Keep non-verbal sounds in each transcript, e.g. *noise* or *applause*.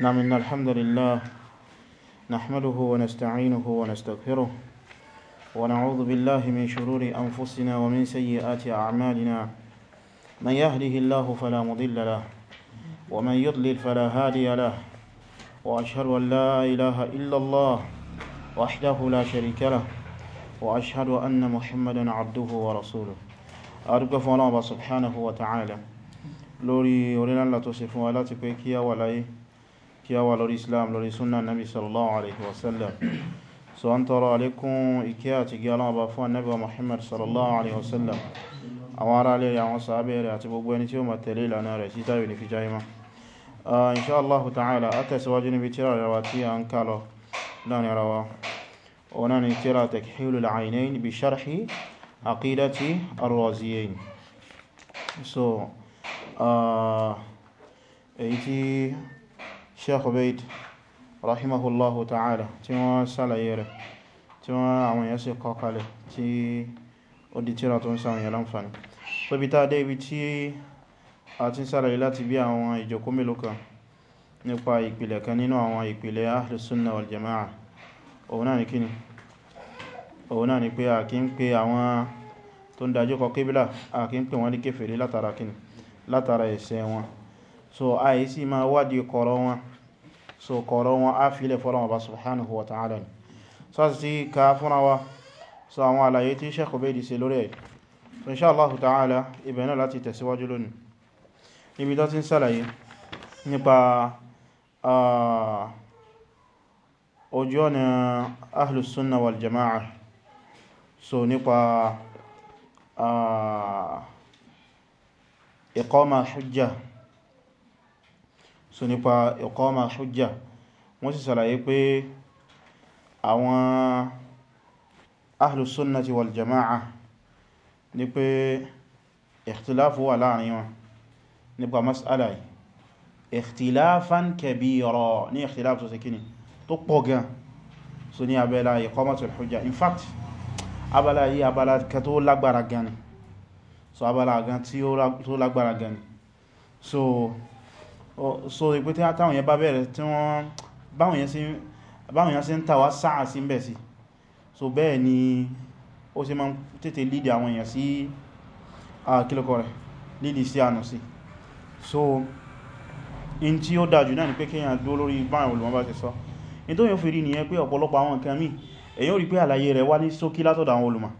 نعم إن الحمد لله نحمده ونستعينه ونستغفره ونعوذ بالله من شرور أنفسنا ومن سيئات أعمالنا من يهده الله فلا مضل له ومن يضلل فلا هادي له وأشهد أن لا إله إلا الله وحده لا شريك له وأشهد أن محمدا عبده ورسوله أرجو فلان سبحانه وتعالي لوري lórí لا تصفوا ṣe تكويكيا wa kí a wà lórí islam lórí súnnà nabi sallallahu alaihi wasallam so an tọrọ alékún ìkẹ́ àti gẹ́ aláwọ̀ bá fún annabi muhammad sallallahu alaihi wasallam àwọn ará lè àwọn sàábẹ̀ rẹ̀ àti gbogbo ẹni tí ó ma tẹ̀lé ìlànà rẹ̀ sí tábí ní fi jáyímá inṣáàlláhu ta'ala a tẹ̀síwájú níbi tíra rẹ̀ wa tí a ń kálọ lónìí rawa ọ̀nà ni tíra takhilul aynayn bi sharhi aqidati ar so èyí tí Sheikh Ubayd rahimahullahu ta'ala tí wọ́n sàlàyé rẹ̀ tí wọ́n àwọn èèyàn sì kọ kalẹ̀ tí ó di tíra tó ń sàwọn èèyàn láǹfàní pẹ́bí tá dé ibi tí a ti sàlàyé láti bí àwọn ìjókòó mélòó kan nípa ìpìlẹ̀ kan nínú àwọn ìpìlẹ̀ ahlus sunnah wal jama'a òun náà ni kíni òun náà ni pé a kì ń pe àwọn tó ń dájú kọ a kì ń pè wọ́n ní kéfèrè látara kíni látara ẹ̀ṣẹ̀ wọn so àìsí máa wádìí kọ̀rọ̀ wọn so kọ̀rọ̀ wọn á filẹ̀ fọ́lọ́n ọba subhanahu wa ta'ala ni so a ti ka fúnra wa so àwọn àlàyé tí Sheikh Ubaydi ṣe lórí ẹ̀ so insha Allah ta'ala ibẹ̀ náà láti tẹ̀síwájú lónìí níbi tó ti ń sàlàyé nípa ojú ọ̀nà ahlus wal jama'a so nípa iqama hujja so nípa iqama hujja wọ́n sì sàlàyé pé àwọn ahlus sunnati wal jama'a ní pé ikhtilafu wà láàrin wọn nípa mas'ala yìí ikhtilafan kabira ní ikhtilafu tó sekini tó pọ̀ gan so ní abẹ́lá iqamatul hujja in fact abala yìí abala kan tó lágbára gan ni so abala gan tí ó lágbára gan so so ipé tí táwọn yẹn bá bẹ̀rẹ̀ tí wọ́n báwọn yẹn sí ń tàwà sáà sí bẹ̀ sí so bẹ́ẹ̀ ni ó ṣe máa tètè lídì àwọn èèyàn sí àkílọ́kọ̀ rẹ̀ lídì sí ànà sí so in tí ó dájú náà ni pé kíyàn dó lórí báyàn olùmọ́ bá ṣe sọ in tó yóò fi rí nìyẹn pé ọ̀pọ̀lọpọ̀ àwọn nǹkan míì èyàn rí pé àlàyé rẹ̀ wá ní ṣókí látọ̀dọ̀ àwọn olùmọ̀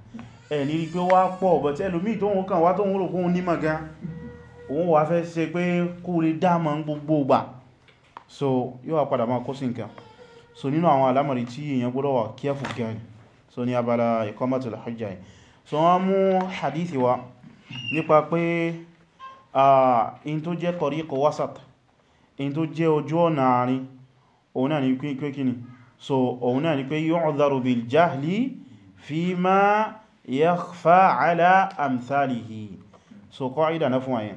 ẹ̀ ní rí pé wá pọ̀ bọ̀tẹ́lùmí tó ń kàn wá tó ń rò kóhun nímọ̀ gan òun wà fẹ́ ṣe pé kó lè dáma ń gbogbo gbà so yóò padà máa kó sí nǹkan so nínú àwọn alámọ̀rí tí èyàn gbọ́dọ̀ wà kíẹ́fù gẹ̀ẹ́ni so ní abala iqamatul hujja yìí so wọ́n mú hadithi wa nípa pé in tó jẹ́ tariqu wasat in tó jẹ́ ojú ọ̀nà àárín òun náà ni pé kíni so òun náà ni pé yu'dharu bil jahli fima yakhfa ala amthalihi so kọ́ ìdáná fún àyẹn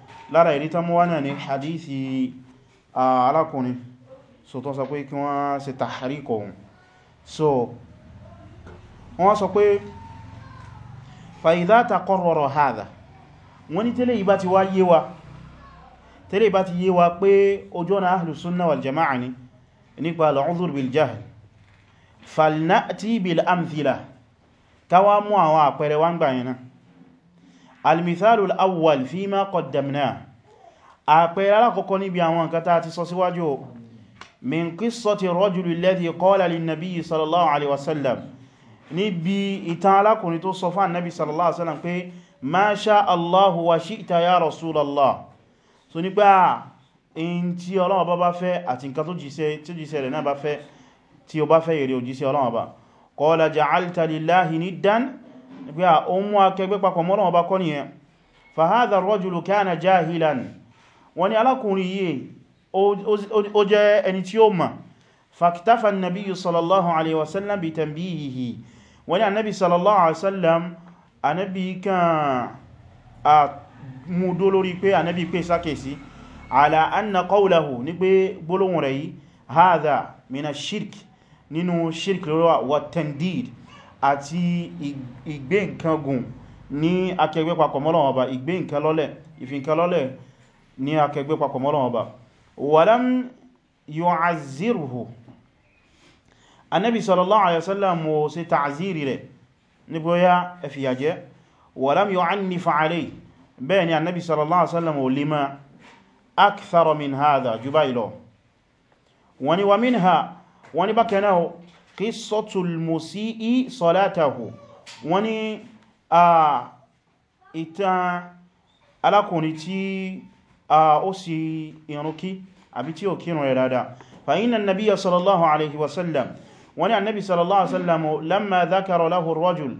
lára ìrí tán mọ́wánà ní hadithi alákùnrin so tó sọ pé kí wọ́n ṣe tàhríkọ̀ ohun so wọ́n sọ pé fàídá takọrọrọ̀ hádà wọ́n ní tẹ́lẹ̀ ìbá ti wá yé wa tẹ́lẹ̀ ìbá ti yé wa pé ojú ọ̀nà ahlu sunna wal jama'a ni nípa al'udhur bil jahl falna'ti bil amthila ta wá mú àwọn àpẹẹrẹ wá ń gbà yana al-mithalul awwal fi ma qaddamna àpẹẹrẹ alákọ̀ọ́kọ́ níbi àwọn nǹkan tá ti sọ síwájú min qissati rajuli alladhi qala linnabi sallallahu alaihi wasallam níbi ìtàn alákùnrin tó sọ fún annabi sallallahu alaihi wasallam pé ma sha Allahu wa shi'ta ya rasulallah so nípa ah, in tí Ọlọ́run bá bá fẹ́ àti nǹkan tó jíṣẹ́ rẹ̀ náà bá fẹ́ tí ó bá fẹ́ èrè òjíṣẹ́ Ọlọ́run wọ́n ní alákùnrin yìí ó jẹ́ ẹni tí ó mọ̀ fàkítàfà nàbí sallallahu alaihi wasallam bí tanbihihi wọ́n ní anábi sallallahu alaihi wasallam anábi kan a múdó lórí pé anábi pé sákèsí ala anna qawlahu ní pé gbólóhùn rẹ̀ yìí hadha mina shirk nínú shirk lọ́wọ́ wa tandid àti ìgbé nǹkan gùn ní akẹgbẹ́ papọ̀ mọ́lọ̀wọ̀ ọba ìgbé nǹkan lọ́lẹ̀ ìfi lọ́lẹ̀ ní akẹgbẹ́ papọ̀ mọ́ Ọlọ́run Ọba walam yu'azzirhu Ànábì sallallahu alayhi wa sallam ó ṣe ta'ziri rẹ̀ nígbóyá ẹfìyàjẹ́ walam yu'annif alayhi bẹ́ẹ̀ ni Ànábì sallallahu alayhi wa sallam ó lè máa akthara min hadha jù báyìí lọ wọ́n ni alákùnrin tí ó sì irun kí àbí tí ó kírun rẹ̀ dáadáa fa inna nabiyya sallallahu alaihi wasallam wani annabi sallallahu alaihi wasallam lamma dhakara lahu rajul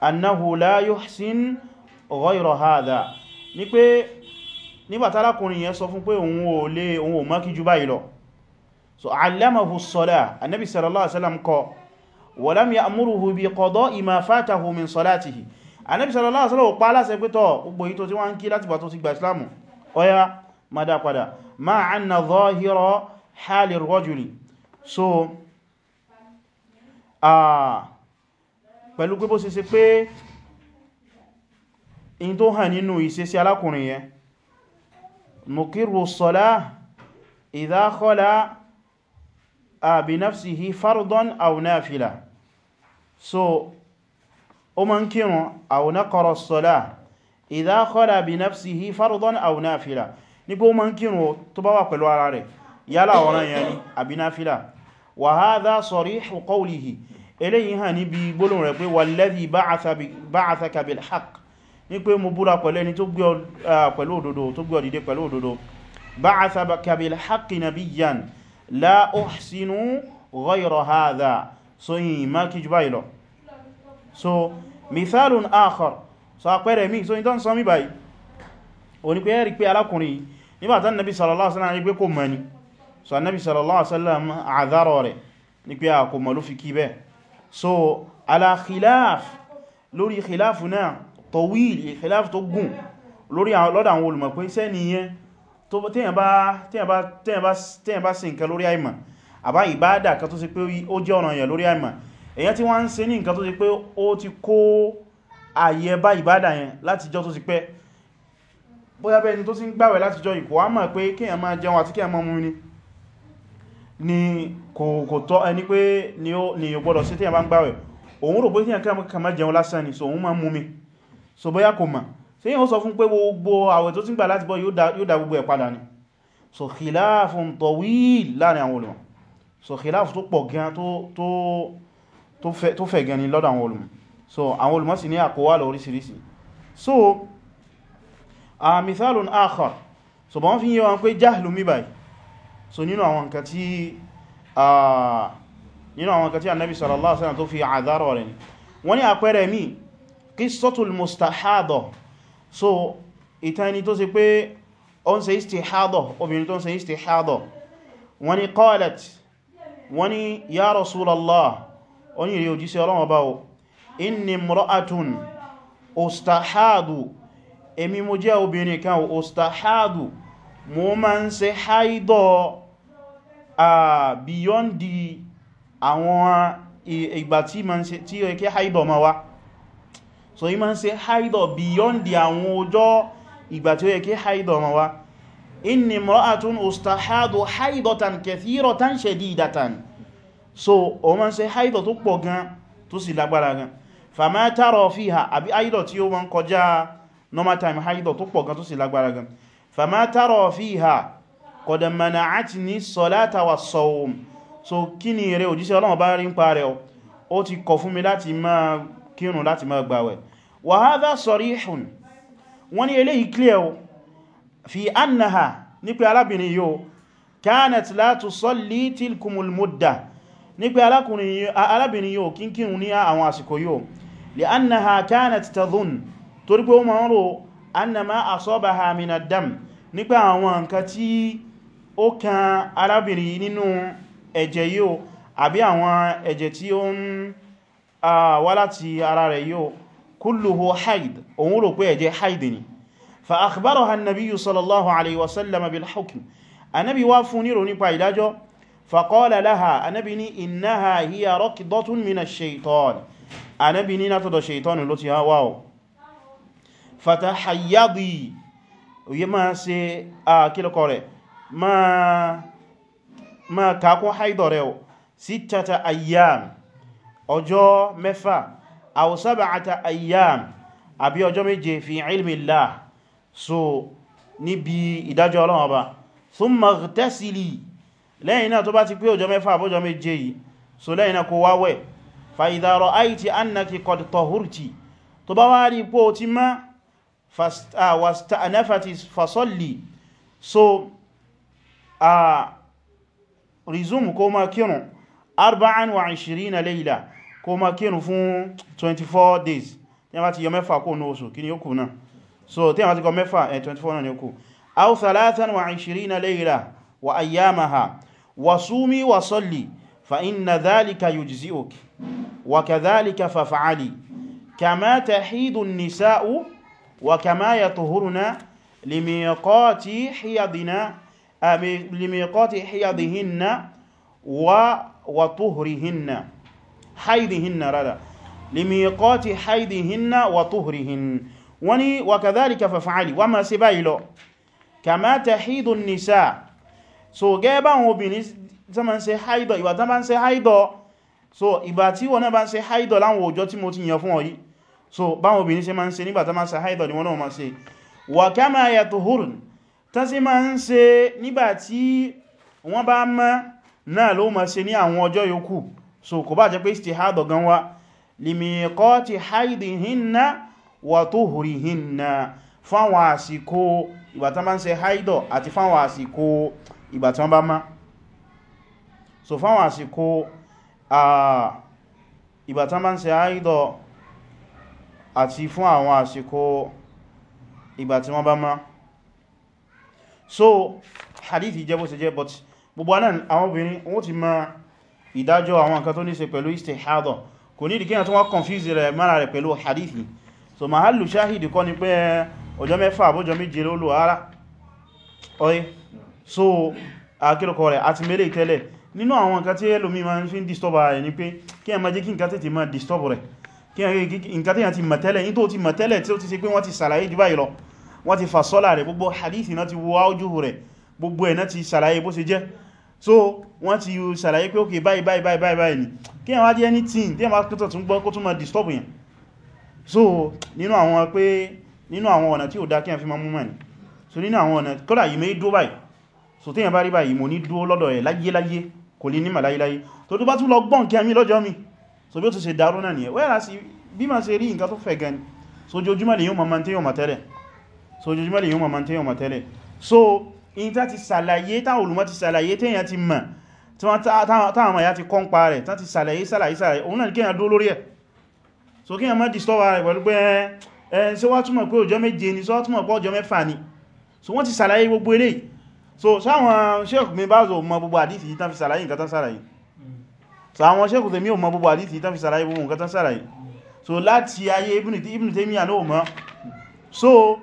annahu la yuhsin ghayra hadha ní pé nígbàtàlákùnrin yẹn sọ fún pé òun ò lè òun ò mọ́kí jù báyìí lọ so allamahu as-salah annabi sallallahu alaihi wasallam kọ́ wa lam ya'muruhu bi qada'i ma fatahu min salatihi annabi sallallahu wasallam pa láṣẹ pé gbogbo yìí tó ti wá ń kí láti bà ti gba islamu ọya mada padà ma anna zọ́hírọ hali rọ́jùlì so pẹ̀lú pé bó ṣe ṣe pé in tó hàn nínú ìṣesí alákùnrin yẹn mọ̀kírù sọ́lá ìdákọ́lá àbínáfsìhí fardon àwọnáfìlà so o ma ń kírùn àwọnákọrọ sọ́lá idha khala bi nafsihi fardan aw nafila nígbó ma ń kírun tó bá wà pẹ̀lú ara rẹ̀ yálà ọ̀ràn yẹn ni àbí nafila wa hadha sarihu qawlihi eléyìí hàn níbi gbólóhùn rẹ̀ pé walladhi ba'athaka bil haqq ní pé mo búra pẹ̀lú ẹni tó gbé ọ pẹ̀lú òdodo tó gbé ọ dìde pẹ̀lú òdodo ba'athaka mithalun akhar so àpẹẹrẹ mi so ìtàn sọmí báyìí o ní pé ẹ́rì pé alákùnrin nígbàtà nabi sallallahu alaihi wasallam pé kò so nabi sallallahu alaihi wasallam àdárọ̀ rẹ̀ ní pé a fi kí so ala khilaf lórí khilaf tawil khilaf tó gùn lórí lọ́dà àwọn olùmọ̀ pé sẹ́ nìyẹn tó tẹ́yàn bá ṣe nǹkan lórí àìmọ̀ àbá ìbádà kan tó ṣe pé ó jẹ́ ọ̀ranyàn lórí àìmọ̀ èyàn tí wọ́n ń ṣe ní nǹkan tó ṣe pé ó ti kó ààyè bá ìbádà yẹn látijọ́ tó ti pẹ́ bóyá bẹ́ẹ̀ ni tó ti ń gbàwẹ̀ látijọ́ ìkò wá mọ̀ pé kíyàn máa jẹun àti kíyàn máa mú ní ni kò tọ́ ẹni pé ni ò gbọ́dọ̀ sí tíyàn bá ń gbàwẹ̀ òun rò pé tíyàn kà máa jẹun lásán ni so òun máa mú mi so bóyá kò mọ̀ sí yíò sọ fún pé gbogbo àwẹ̀ tó ti ń gbà láti bọ́ yóò dá gbogbo ẹ̀ padà ni so khilafun tawil láàrin àwọn olùmọ̀ so khilaf tó pọ̀ gan tó fẹ̀ gan ni lọ́dọ̀ àwọn olùmọ̀ so àwọn olùmọ́sí ní àkọwà lọ orísìírísìí so a mithalun akhar so bọ́n fi yíwa pé jahlu mi so nínú àwọn nǹkan tí a nínú àwọn nǹkan tí annabi sallallahu alaihi wasallam tó fi àdárọ̀ rẹ̀ ni wọ́n ní àpẹẹrẹ mi qissatul mustahado so ìtàn ẹni tó ṣe pé ó ń ṣe istihado obìnrin tó ń ṣe istihado wọ́n ní qalat wọ́n ní ya rasulallah ó ní ìrẹ́ òjíṣẹ́ Ọlọ́run inni mra'atun ustahadu èmi mo jẹ́ obìnrin kan ustahadu mo ma ń ṣe haidọ̀ beyond the àwọn ìgbà tí ma ń ṣe tí ó ma wá so yí ma ń ṣe beyond the àwọn ọjọ́ ìgbà tí ó yẹ kí haidọ̀ ma wá inni mra'atun ustahadu haidatan kathiratan shadidatan so o ma ń ṣe haidọ̀ tó gan tó sì lágbára gan fàmá tààrọ fi ha àbí haidọ̀ tí ó wọ́n kọjá normal time haidọ̀ tó pọ̀ gan tó sì lágbára gan fàmá tààrọ fi ha kọ̀dàmànà àti ní sọ́látà wà sọ́wọ́m so kí ni rẹ̀ òjíṣẹ́ Ọlọ́run bá rí ń parẹ́ ó ti kọ̀ fún mi láti máa kírun láti máa gbàwẹ̀ wà hádá sarihun wọ́n ní eléyìí clear o fi annaha ní pé arábìnrin yóò kánat la tusalli tilkumul ní pé arábìnrin yóò kínkírun ní àwọn àsìkò yóò لأنها كانت تظن torí pé ó ma ń rò annama asabaha min ad-dam nípa àwọn nǹkan tí ó kan arábìnrin nínú ẹ̀jẹ̀ yíò àbí àwọn ẹ̀jẹ̀ tí ó ń wá láti ara rẹ̀ yíò kulluhu haid òun rò pé ẹ̀jẹ̀ haid ni fa akhbaraha an-nabiyyu sallallahu alaihi wasallam bil hukm anabi wá fún níro nípa ìdájọ́ fa qala laha anabi ni innaha hiya raqdatun min ash-shaytan ànábì ní látọ̀dọ̀ ṣètọ́nù ló ti wá ọ̀ fatahayyadi òye máa ṣe àkílùkọ rẹ̀ máa kàkún haidọ̀ rẹ̀ sittata ayyam ọjọ́ mẹ́fà aw sab'ata ayyam àbí ọjọ́ méje fi ilmillah so níbi ìdájọ́ ọlọ́wọ́ ba thumma ightasili lẹ́yìn náà tó bá ti pé ọjọ́ mẹ́fà àbọ́jọ́ méje yìí so lẹ́yìn náà kó wá فإذا رأيت أنك قد طهرت تبواري بوتما واستأنفت فصلي so a resume kó ma kírun arba'an wa ishirina layla kó ma kírun fún 24 days tí a bá ti yọ mẹ́fà kó ní oṣù kí ni yóò kù náà so tí a ti kọ mẹ́fà 24 náà ni yóò kù aw thalathan wa ayyamaha wa sumi wa salli fa inna dhalika yujzi'uki وكذلك ففعلي كما تحيد النساء وكما يطهرنا لميقات حيضنا آه، لميقات حيضهن وطهرهن حيضهن رلا لميقات حيضهن وطهرهن وني وكذلك ففعلي وما سبايلو كما تحيد النساء سو جابا وبنس زمان سي حيضه يبقى زمان سي حيضه so ìgbà tí wọ́n náà bá ń ṣe haidọ̀ láwọn ọjọ́ tí mo ti yàn fún ọ so báwọn obìnrin ṣe máa ń ṣe nígbà tá máa ṣe haidọ̀ ni wọ́n náà máa ṣe wà kama yatuhurun tán sí máa ń ṣe nígbà tí wọ́n bá mọ́ náà ló máa ṣe ní àwọn ọjọ́ yòókù so kò bá jẹ́ pé istihadọ̀ gan wa limiqati haidihinna wa tuhurihinna fáwọn àsìkò ìgbà tán bá ń ṣe haidọ̀ àti fáwọn àsìkò ìgbà tán bá mọ́ so fáwọn àsìkò ìgbà tán bá ń ṣe àìdọ̀ àti fún àwọn àsìkò ìgbà tí wọ́n bá mọ́ so hadith jẹ́ bó se jẹ́ but gbogbo náà àwọn obìnrin wọ́n ti mọ̀ ìdájọ́ àwọn nǹkan tó ní ṣe pẹ̀lú istihada kò ní ìdíkẹ́yàn tó wọ́n confuse rẹ̀ mara rẹ̀ pẹ̀lú hadith so mahallu shahid kọ́ ni pé ọjọ́ mẹ́fà àbójọ méje ló lò ara oye so akílùkọ rẹ̀ àti mẹ́lẹ̀ tẹ́lẹ̀ nínú àwọn nǹkan tí ẹlòmí ma ń fi ń disturb rẹ̀ ni pé kí ẹ ma jẹ́ kí nǹkan tètè ma disturb rẹ̀ kí nǹkan tèyàn ti mọ̀tẹ́lẹ̀ ní tó ti mọ̀tẹ́lẹ̀ tí ó ti ṣe pé wọ́n ti sàlàyé jù báyìí lọ wọ́n ti fàsọ́là rẹ̀ gbogbo hadithi náà ti wo áójú rẹ̀ gbogbo ẹ̀ náà ti sàlàyé bó ṣe jẹ́ so wọ́n ti sàlàyé pé ókè báyìí báyìí báyìí báyìí ni kí ẹ wá jẹ́ ní tíì tí ẹ ma kẹtọ̀ tún gbọ́ kó tún ma disturb yẹn so nínú àwọn pé nínú àwọn ọ̀nà tí ó dá kí ẹ fi ma mú mọ̀ ni so nínú àwọn ọ̀nà kọ́lá yìí mẹ́ dúó báyìí so tí ẹ bá rí báyìí mo ní dúó lọ́dọ̀ ẹ̀ láyé láyé kò lè nímà láíláí tó tó bá tún lọ gbọ́n kí ẹmí lọ́jọ́ mi so bí ó tún ṣe dárú náà nìyẹn wẹ́rà sí bí ma ṣe rí nǹkan tó fẹ̀ gan so ojoojúmọ́ lè yíò ma mantẹ́ yóò ma tẹ́lẹ̀ so ojoojúmọ́ lè yíò ma mantẹ́ yóò ma tẹ́lẹ̀ so in ta ti ṣàlàyé táwọn olùmọ̀ ti ṣàlàyé téèyàn ti mọ̀ táwọn ọmọ ya ti kọ́ ń pa rẹ̀ tán ti ṣàlàyé ṣàlàyé ṣàlàyé òun náà ní kéèyàn dó lórí ẹ̀ so kéèyàn má disturb rẹ̀ pẹ̀lú pé ẹ ṣe wá túmọ̀ pé ọjọ́ méje ni ṣe wá túmọ̀ pé ọjọ́ mẹ́fà ni so wọ́n ti ṣàlàyé gbogbo eléyìí so sáwọn sheikh mi bá zọ mọ gbogbo àdísì yìí tán fi sàlàyé nǹkan tán sàlàyé so àwọn sheikh tèmi ò mọ gbogbo àdísì yìí tán fi sàlàyé gbogbo nǹkan tán sàlàyé so láti ayé Ibn Taymiyyah náà mọ́ so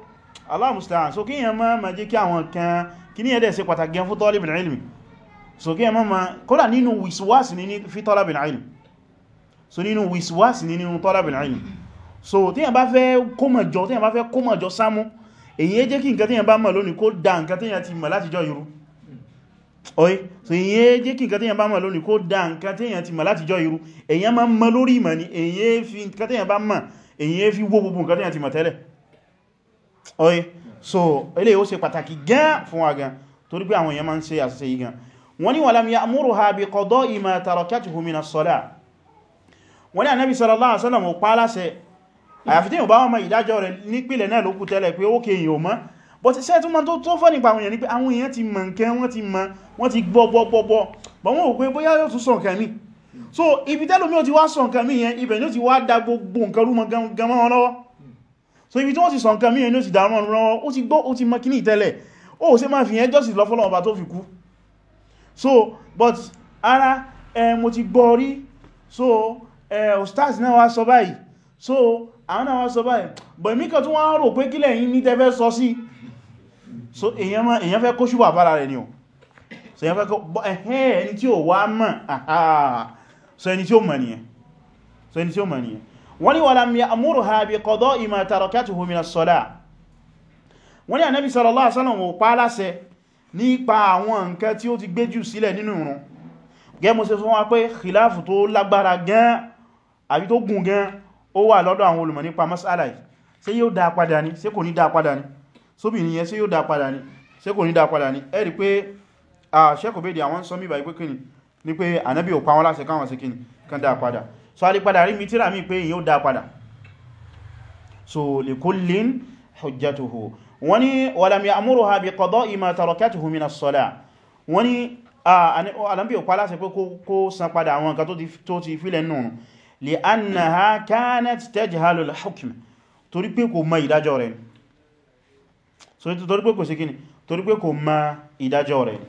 Allah musta'an so kíyàn mọ́ ma jẹ́ kí àwọn kan kí ní ẹ̀dẹ̀ ṣe pàtàkì gan fún talib al-ilmi so wiswas ní fi talab al-ilmi so nínú wiswas nínú talab al-ilmi so tíyàn bá fẹ́ kómọ̀jọ tíyàn bá èyí jẹ́ kí nǹkan tí yẹn bá mọ̀ lónìí kó dá nǹkan tí yẹn ti mọ̀ látijọ́ irú ọ̀yí so èyí jẹ́ kí nǹkan tí yẹn bá mọ̀ lónìí kó dá nǹkan tí yẹn ti mọ̀ látijọ́ irú èyí ma ń mọ̀ lórí ìmọ̀ ni èyí fi nǹkan wó gbogbo nǹkan tí yẹn ti mọ̀ tẹ́lẹ̀ ọ̀yí so ilé ó ṣe pàtàkì gan fún wa gan torí pé àwọn èèyàn ma ń ṣe àṣìṣe yìí gan wọ́n ní walam ya'muruha bi qada'i ma tarakatuhu min as-salah wọ́n ní Ànábì sallallahu alaihi wasallam ó pa àyàfi tí yíò bá wọn mọ̀ ìdájọ́ rẹ̀ nípìlẹ̀ náà ló kú tẹ́lẹ̀ pé ókè yìí ò mọ̀ but iṣẹ́ tó mọ́ tó fọ́ nípa àwọn èèyàn ní pé àwọn èèyàn ti mọ̀ nkẹ́ wọ́n ti mọ̀ wọ́n ti gbọ́gbọ́gbọ́ but wọ́n ò pé bóyá yóò tún sọ nǹkan mi so ibi tẹ́lómi ò ti wá sọ nǹkan mi yẹn ibẹ̀ ni ó ti wá da gbogbo nǹkan rú mọ́ gan wọn lọ́wọ́ so ibi tí wọ́n ti sọ nǹkan mi yẹn ni ó ti dàrú ọ̀run lọ́wọ́ ó ti gbọ́ ó ti mọ̀ kíní ìtẹ́lẹ̀ ó ṣe máa fi yẹn jọ́sì lọ fọ́lọ́ ọba tó fi kú so but ara eh, mo ti gbọ́ rí so eh, ustaz náà wá sọ báyìí so àwọn náà wọ́n sọ báyìí bọ̀ mí kan tún wọ́n rò pé kílẹ̀ yìí ní tẹ́fẹ́ sọ sí so èyàn fẹ́ kó ṣùgbà bára rẹ̀ ni o so èyàn fẹ́ kó ẹ̀hẹ́ ẹni tí ó wá mọ̀ so ẹni tí ó mọ̀ ní walam wọ́n ní Ànábì sallallahu alaihi wasallam ó pa láṣẹ nípa àbí tó gùn gan ó wà lọ́dọ̀ àwọn olùmọ̀ nípa masala yìí ṣé yóò dá padà ní ṣé kò ní dá padà ní sóbìnrin yẹn ṣé yóò dá padà ní ṣé kò ní dá padà ní ẹ̀rí pé ṣẹ́kọ̀bẹ̀dẹ̀ àwọn sọmí ìbà ìpé kìnnì ní pé ànábì ò pa wọn láṣẹ káwọn sí kìnnì kan dá padà so a lè padà rí mítírà mí pé yóò dá padà so li kullin hujjatuhu wọ́n ni walam ya'muruha bi qada'i ma tarakatuhu min as-salah wọ́n ni ànábì ò pa láṣẹ pé kó san padà àwọn nǹkan tó ti fílẹ̀ nù li'annaha kanat tajhalu al-hukm torí pé kò mọ̀ ìdájọ́ rẹ̀ so torí pé kò ṣe kíni torí pé kò mọ̀ ìdájọ́ rẹ̀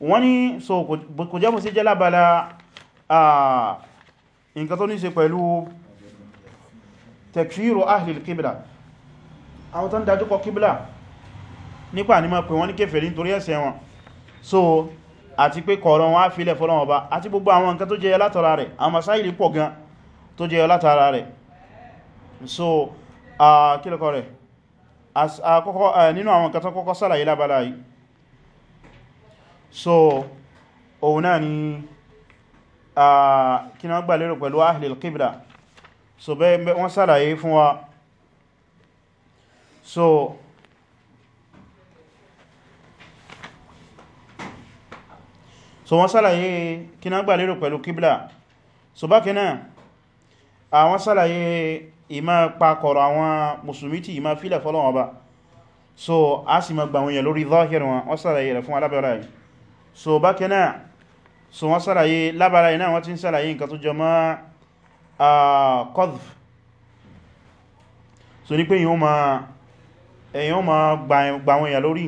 wọ́n ní so kò jẹ́ mọ̀ sí jẹ́ lábala nǹkan tó ní ṣe pẹ̀lú takfiru ahli al-qibla àwọn tó ń dájú kọ kíbla nípa ní máa pè wọ́n ní kèfèrí nítorí tó jẹ́ látara rẹ̀ so kílẹ̀kọ́ rẹ̀ nínú àwọn kẹta kọ́kọ́ sálàyé lábàlá yìí so òun náà ni kí na gbà lérò pẹ̀lú ahlil qibla so bẹ́ẹ̀ wọ́n sálàyé fún wa so so wọ́n sálàyé kí na gbà lérò pẹ̀lú qibla so bákanáà àwọn sálàyé ìmá pakọ̀rọ̀ àwọn musulmi tí ìmá fílẹ̀ fọ́lọ́wọ́ bá so a sì ma gbàwọn èèyàn lórí zahir wọn wọ́n sálàyé rẹ̀ fún alábẹ̀rẹ̀ yìí so bákan náà so wọ́n sálàyé lábára iná wọ́n ti ń sálàyé nǹkan tó jọ mọ́ qadhf so ní pé èèyàn ma èèyàn ma gbàwọn èèyàn lórí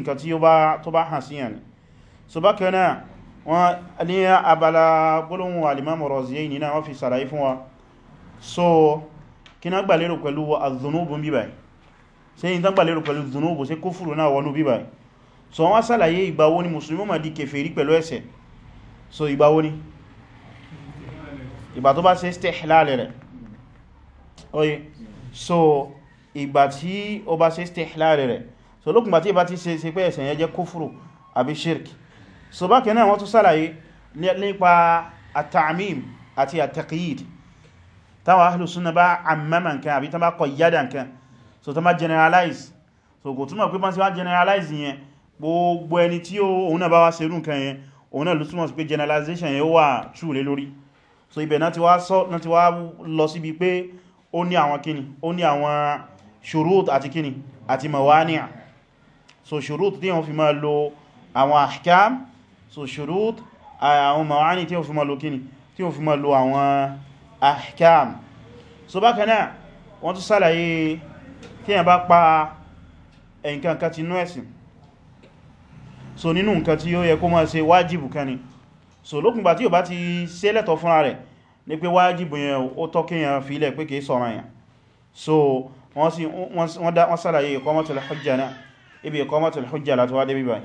so bákan náà wọ́n ní abala gbólóhùn al-Imam Raziyayn náà so kí náà gbà lérò pẹ̀lú az-zunubu bíbáyì ṣe yí tán gbà lérò pẹ̀lú zunubu ṣe kúfùrù náà wọnú bíbáyì so wọ́n sàlàyé ìgbàwó ni musulmi ma di kèfèrí pẹ̀lú ẹ̀ṣẹ̀ so ìgbàwó ni ìgbà tó bá ṣe istihlal rẹ̀ oye so ìgbà tí ó bá ṣe istihlal rẹ̀ so lókùnbà tí ìbá ti ṣe ṣe pé ẹ̀ṣẹ̀ yẹn jẹ́ kúfùrù àbí shirk so bákan náà wọ́n tún sàlàyé nípa at-ta'mim àti at-taqyid táwọn ahlu sunna bá àmàmà nǹkan àbí tán bá kọ yádà nǹkan so tán bá generalize so kò túnmọ̀ pé sí wá generalize yẹn gbogbo ẹni tí òun náà bá wá ṣerú nǹkan yẹn òun náà ló túnmọ̀ sí pé generalization yẹn wà true lé lórí so ibẹ̀ náà ti wá sọ náà ti wá lọ síbi pé ó ní àwọn kíni ó ní àwọn shurut àti kíni àti mawani'a so shurut tí wọ́n fi máa lo àwọn ahkam so shurut àwọn mawani tí wọ́n fi máa lo kíni tí wọ́n fi máa lo àwọn ahkam so bákanáà wọ́n tún sàlàyé tí yẹn bá pa ẹ̀nkan kan ti nú ẹ̀sìn so nínú nǹkan tí ó yẹ kó máa ṣe wájìbù kan ni so lókùngbà tí ó bá ti ṣe lẹ́tọ̀ fúnra rẹ̀ ní pé wájìbù yẹn ó tọ́ kí yẹn fi ilẹ̀ pé kìí sọ̀rọ̀ yẹn so wọ́n sì wọ́n ibi iqamatul hujja láti wá débí báyìí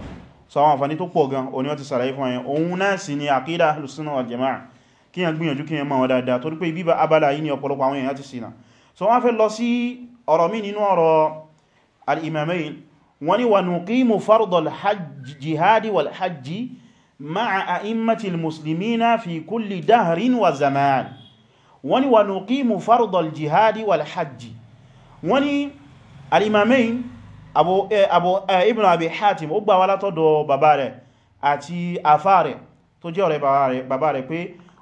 so àwọn àǹfààní tó pọ̀ gan òní wọ́n ti sàlàyé fún yẹn òun náà kí yàn gbìyànjú kí yàn máa wọn dáadáa torí pé ibíbá abala yìí ni ọ̀pọ̀lọpọ̀ àwọn èèyàn ti ṣìnà so wọ́n fẹ́ lọ sí ọ̀rọ̀ mi nínú ọ̀rọ̀ al-imamayn wọ́n ní wa nuqimu fardal jihadi wal hajji ma'a a'immatil muslimina fi kulli dahrin wa zaman wọ́n ní wa nuqimu fardal jihadi wal hajji wọ́n ní al-imamayn abu eh, eh, ibn abi hatim ó gbà wá látọ̀dọ̀ àti afá rẹ̀ tó jẹ́ ọ̀rẹ́ bàbá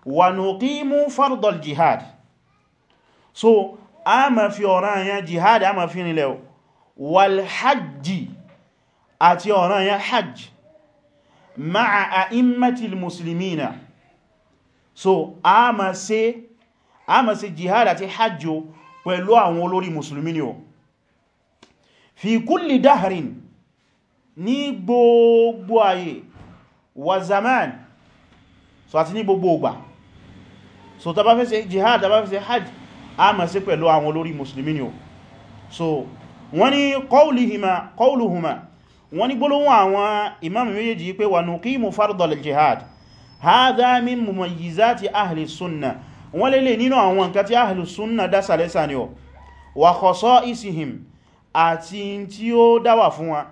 wa nuqimu fardal jihad so a ma fi ọ̀ranyàn jihad a ma fi nílẹ̀ wal hajji àti ọ̀ranyàn hajj ma'a a'immatil muslimina so a ma ṣe a ma ṣe jihad àti hajj pẹ̀lú àwọn olórí musulmi ni o fi kulli dahrin ní gbogbo ayé wa zaman so àti ní gbogbo ìgbà so tá bá fẹ́ ṣe jihad tá bá fẹ́ ṣe hajj a máa ṣe pẹ̀lú àwọn olórí musulmi ni o so wọ́n ní qawluhuma wọ́n ní gbólóhùn àwọn imam méjèèjì pé wa nuqimu fardal jihad hadha min mumayyizati ahli sunna wọ́n lè lè nínú àwọn nǹkan tí ahli sunna dásà lẹ́sà ni o wa khasa'isihim àti tí ó dáwà fún wa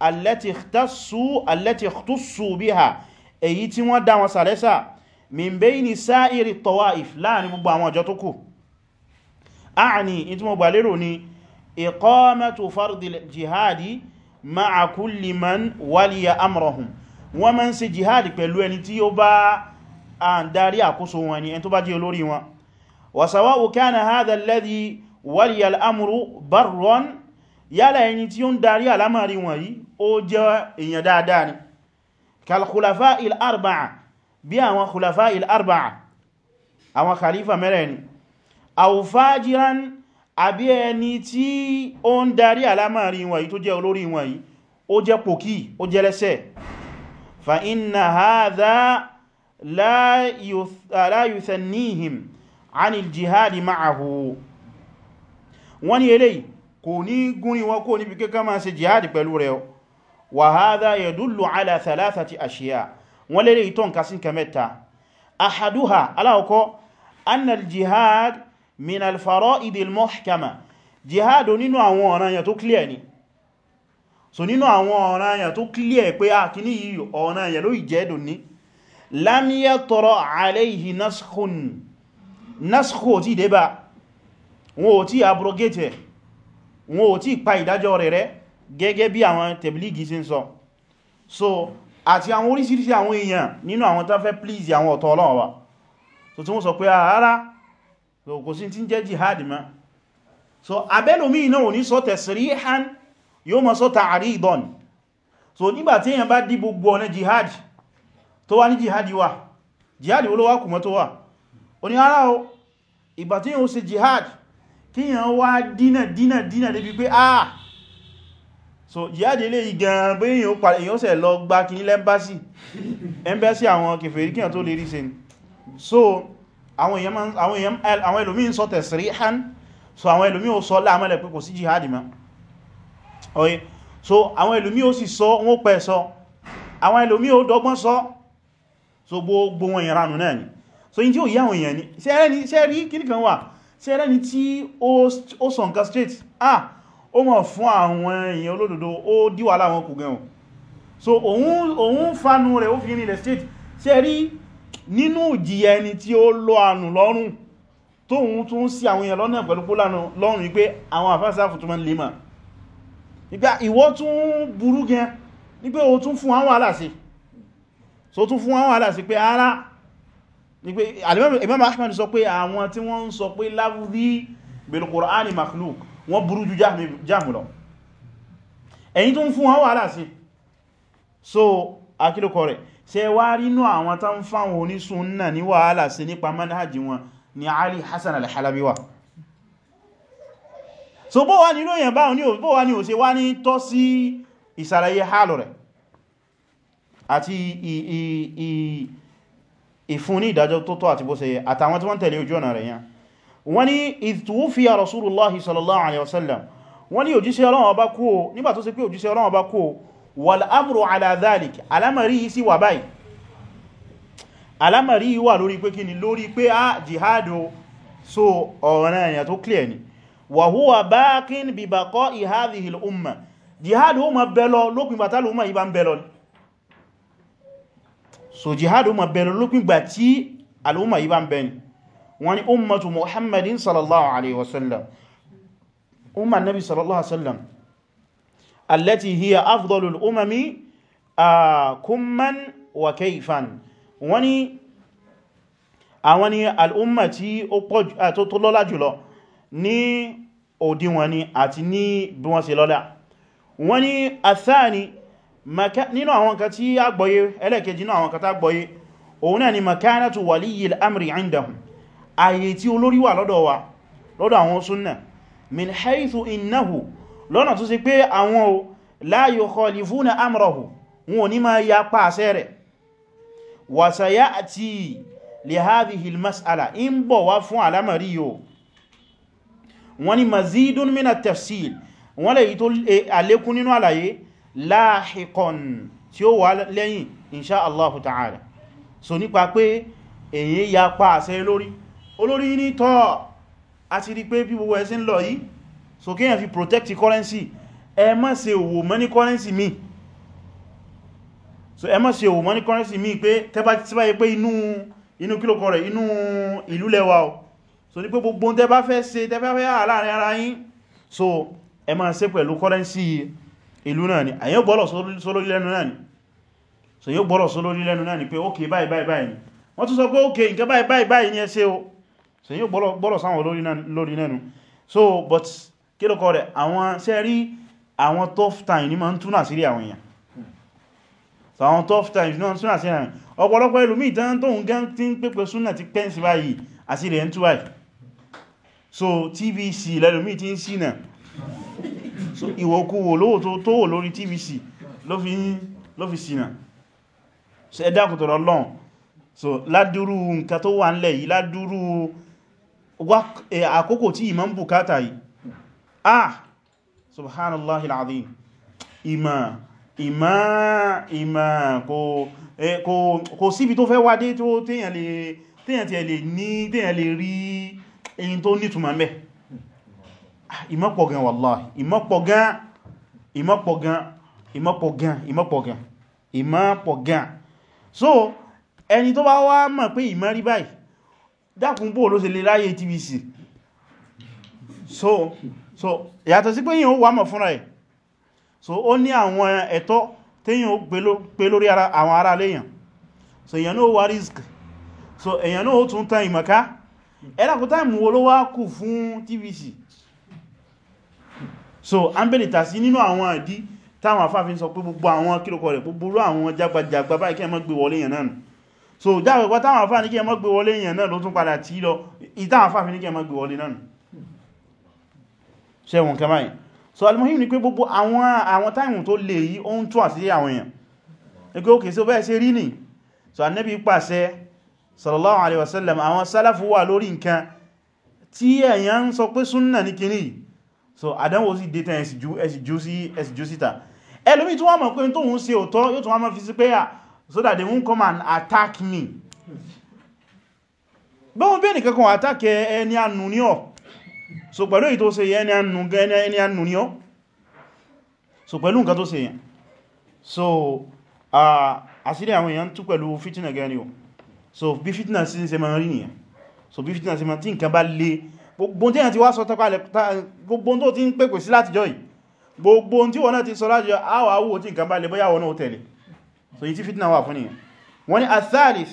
allati ikhtassu biha èyí tí wọ́n dá wọn sàlẹ́sà min bayni sa'iri tawaif láàrin gbogbo àwọn ọjọ́ tó kù ààni ìtí mo gbà lérò ni iqamatu fardil jihadi ma'a kulli man waliya amrahum wọ́n máa ń ṣe jihadi pẹ̀lú ẹni tí ó bá ń darí àkóso wọn ni ẹni tó bá jẹ́ olórí wọn wa sawa'u kana hadha alladhi waliya al'amru barron yálà ẹni tí ó ń darí alamari wọn yìí ó jẹ́ èèyàn dáadáa ni kal il arba'a bí àwọn khulafa il-arba'a àwọn khalifa mẹ́rẹ̀ ni aw fajiran àbí ẹni tí ó ń darí alámàrí wọ̀nyí tó jẹ́ olórí wọ̀nyí ó jẹ́ pòkí ó jẹ́ lẹ́sẹ̀ fa inna hadha la yuthannihim anil jihadi ma'ahu wọ́n ni eléyìí kò ní gúnrí wọn kò níbi kíkà máa ṣe jihadi pẹ̀lú rẹ̀ wa hadha yadullu ala thalathati ashiya' wọ́n lè ìtọ́ nǹkan sí nǹkan mẹ́ta ahaduha aláwọ̀kọ́ annal jihad min al-fara'id al-muhkama jihad nínú àwọn ọ̀ranyàn tó clear ni so nínú àwọn ọ̀ranyàn tó clear pé a ah, kì ní yìí ọ̀ranyàn ló ìjẹ́ dùn ní lam yatra alayhi naskhun naskhu ti wọn ò tí abrogate wọn ò tí pa ìdájọ́ rẹ̀ gẹ́gẹ́ bí àwọn tẹ̀blígì sí ń sọ so àti àwọn oríṣiríṣi àwọn èèyàn nínú àwọn tán fẹ́ please àwọn ọ̀tọ̀ Ọlọ́run wa so tí wọ́n sọ pé ara ah, kò sí tí ń jẹ́ jihad ma so abẹ́lòmí náà ò ní sọ tasrihan yóò mọ́ sọ ta'ridan so nígbàtí èèyàn bá dí gbogbo ọ̀nà jihad tó wá ní jihad wà jihad ló wá kùmọ́ tó wà ó ní ara o ìgbàtí èèyàn ó ṣe jihad kíyàn wá dínà dínà dínà débi pé ah so jihad ilé igan bí èyàn parí èyàn sẹ̀ lọ gba kí nílẹ̀ ẹmbásí ẹmbẹ́sí àwọn kèfèrí kíyàn tó lè rí se ni so àwọn ẹlòmí ń sọ tasrihan so àwọn ẹlòmí ó sọ láàmẹ́lẹ̀ pé kò sí jihad ma oye so àwọn ẹlòmí ó sì sọ wọ́n pẹ̀ sọ àwọn ẹlòmí ó dọ́gbọ́n sọ so gbogbo wọn ìranù náà ni so yí tí ó yí àwọn èèyàn ni sẹ́rẹ́ ni sẹ́rí kíníkan wà sẹ́rẹ́ ni tí ó sọ nǹkan straight ah ó mọ̀ fún àwọn èèyàn olódodo ó díwà láwọn kò gẹ̀hùn so òun fánú rẹ̀ ó fi ní ilẹ̀ state ṣe rí nínú ìjìyà ẹni tí ó lọ ànù lọ́rùn tóhun tún sí àwọn èèyàn lọ́nà pẹ̀lú kó lọ́rùn wípé àwọn àfáàsá fún túnmọ̀ lè mọ̀ nígbà ìwọ tún burú gan nígbà o tún fún àwọn aláṣẹ so tún fún àwọn aláṣẹ pé ara nígbà Imam Ahmad sọ pé àwọn tí wọ́n ń sọ pé lábúrí bil Qur'ani makhluk wọ́n burú ju jáàmù lọ ẹ̀yin tó ń fún wọn wàhálà sí so akílùkọ rẹ̀ ṣe wá rínú àwọn tán fáwọn onísúnnà ní wàhálà sí nípa manhajì wọn ni Ali Hasan al so bó wá ní ìròyìn bá bó wá ní ò wá ní tọ́ sí ìsàlàyé hálù rẹ̀ àti ìfún ní ìdájọ́ tó tọ́ àti bó ṣe àtàwọn tí wọ́n tẹ̀lé ojú ọ̀nà rẹ̀ yẹn wọ́n ní ìtùwúfíà rasulullahi sallallahu alaihi wasallam wọ́n ní òjíṣẹ́ Ọlọ́run bá kú o nígbà tó ṣe pé òjíṣẹ́ Ọlọ́run bá kú o wal amru ala dhalik alamari yìí sí wà báyìí alamari yìí wà lórí pé kíni lórí pé a jihado so ọ̀ràn èyàn tó clear ni wa huwa baqin bi baqa'i hadhihi al-umma jihado ó ma wọ́n ni ummatu muhammadin sallallahu alaihi wasallam umma nabi sallallahu alaihi wasallam allati hiya afdalul umami kumman wa kaifan wọ́n ni àwọn ni al'umma tí ó tó lọ́lá jùlọ ní òdiwọ̀n ni àti ní bí wọ́n ṣe lọ́lá wọ́n nínú àwọn kan tí agbọ́yé ẹlẹ́kejì nínú àwọn kan tí agbọ́yé òun náà ni makanatu waliyil amri indahum ààyè tí olórí wà lọ́dọ̀ wa lọ́dọ̀ àwọn súnnà min haithu innahu lọ́nà tó sì pé àwọn o la yukhalifuna amrahu wọn ò ní máa ya pàṣẹ rẹ̀ wa sayati li hadhihi al-mas'ala in bọ̀ wá fún alamari yóò wọ́n ni mazidun mina tafsil wọ́n lè yí tó alékún nínú àlàyé láàkíkọ̀n tí ó wà lẹ́yìn inṣá allahu ta'ala so nípa pé èyí ya pa àṣẹ lórí olórí ní tọ́ àti rí pé pípọ̀ ẹ̀ sí ń lọ yìí so kí èyàn fi protect currency ẹ má ṣe òwò mọ́ currency mi so ẹ má ṣe òwò mọ́ currency mi pé tẹ́bá ti bá yẹ pé inú inú kílòkọ rẹ̀ inú ìlú lẹ́wà o so ní pé gbogbo tẹ́ bá fẹ́ ṣe tẹ́ bá fẹ́ yà ara yín so ẹ má ṣe pẹ̀lú currency ìlú náà ni àyẹ́ gbọ́rọ̀ sólórí lẹ́nu náà ni so yóò gbọ́rọ̀ sólórí lẹ́nu náà ni pé ókè báyìí báyìí báyìí wọ́n tún sọ pé ókè nǹkan báyìí báyìí báyìí ni ẹ ṣe o so yíò gbọ́lọ̀ sáwọn lórí nẹ́nu so but kí ló kọ́ rẹ̀ àwọn ṣe rí àwọn tough time ní ma ń túnà sírí àwọn èèyàn so àwọn tough time ní ma ń túnà sírí àwọn èèyàn ọ̀pọ̀lọpọ̀ ìlú míì tán tóhun gẹ́ tí ń pèpè súnà ti pẹ́ǹsì báyìí àti rẹ̀ ń túwáì so tvc lẹ́lùmí tí ń sínà so ìwòkúwò lóòtó tó wò lórí tvc ló fi sínà so ẹ̀dàkùtọ̀rọ̀ lọ́n so ládúrú nǹkan tó wà ń lẹ̀ yìí ládúrú Eh, àkókò tí ìmọ̀ ń bùkátà yìí ah subhanallah al'adhim ìmọ̀ ìmọ̀ ìmọ̀ kò eh, síbi tó fẹ́ wádé tó téyàn tí ẹ lè ní téyàn lè rí èyí tó nítumọ̀ mẹ́ ah, ìmọ̀ pọ̀ gan wallahi ìmọ̀ pọ̀ gan ìmọ̀ so ẹni tó bá wá mọ̀ pé ìmọ̀ rí báyìí dákùn bóò ló ṣe lè ráyè tvc so so yàtọ̀ sí pé yíò wà mọ̀ fúnra ẹ̀ so ó ní àwọn ẹ̀tọ́ téyàn ó gbé lórí àwọn ará léyàn so èyàn náà wà risk so èyàn náà ó tún tán ìmọ̀ká ẹ̀dàkùn táìmù wo ló wá kù fún tvc so an bèèrè tà sí nínú àwọn àdí táwọn afáfin sọ pé gbogbo àwọn kílòkọ rẹ̀ gbogbo àwọn jagbajagba báyìí kí ẹ mọ́ gbé wọlé yàn náà so dáwẹ̀ pẹ́ táwọn àfáà ní kí ẹ gbé wọlé èèyàn náà ló tún padà tí lọ ìtàwọn àfáà fi ní kí ẹ gbé wọlé náà ṣẹ́wọ̀n kẹmáyìn so almuhim ni pé gbogbo àwọn táìmù tó lè yí o tún àti àwọn èèyàn ẹgbẹ́ òkè sí ó bẹ́ẹ̀ tí èèyàn ń sọ pé súnnà ní kìíní so àdánwò sí data ẹ̀sì jú síta ẹlòmí tí wọ́n mọ̀ pé tóhun ṣe òtọ́ yóò tún wọ́n mọ̀ fi sí pé so that they won't come and attack me bọ́n bí ẹnìkan kan attack ẹni ànù ní ọ̀ so pẹ̀lú èyí tó ṣe ẹni ànù ẹni ànù ní ọ́ so pẹ̀lú nǹkan tó ṣe yẹn so àṣírí àwọn èèyàn tún pẹ̀lú fìtínà gẹ́ni o so bí fìtínà sí ṣe máa rí nìyẹn so bí fìtínà sí máa tí nǹkan bá lé gbogbo tí àti wá sọ ti ń pèpè sí látijọ́ yìí gbogbo tí wọ́n ti sọ látijọ́ àwọ̀ àwọ̀ tí nǹkan bá lé bóyá so yí tí fitna wà fún ni wọ́n ni athalith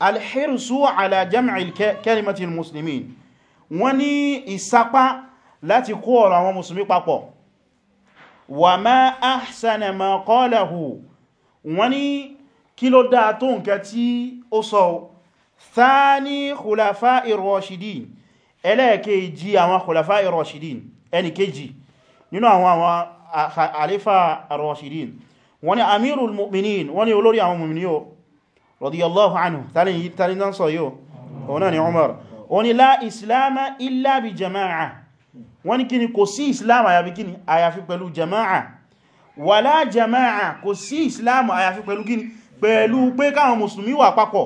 alhirsu ala jam'il kalimati muslimin wọ́n ni ìsapá láti kó ọ̀rọ̀ àwọn musulmi papọ̀ wa ma ahsana ma qalahu wọ́n ni kí ló dáa tó nǹkan tí ó sọ thani khulafa'i rashidin ẹlẹ́ẹ̀kejì àwọn khulafa'i rashidin ẹni kejì nínú àwọn àwọn àlífà rashidin wọ́n ni amirul mu'minin wọ́n ni olórí àwọn mu'mini yóò radiyallahu anhu tàní náà sọ yóò òun náà ni umar wọ́n ni la islama illa bi jama'a wọ́n ni kíni kò sí islam àyàfi kíni àyàfi pẹ̀lú jama'a wala jama'a kò sí islam àyàfi pẹ̀lú kíni pẹ̀lú pé káwọn musulmi wà papọ̀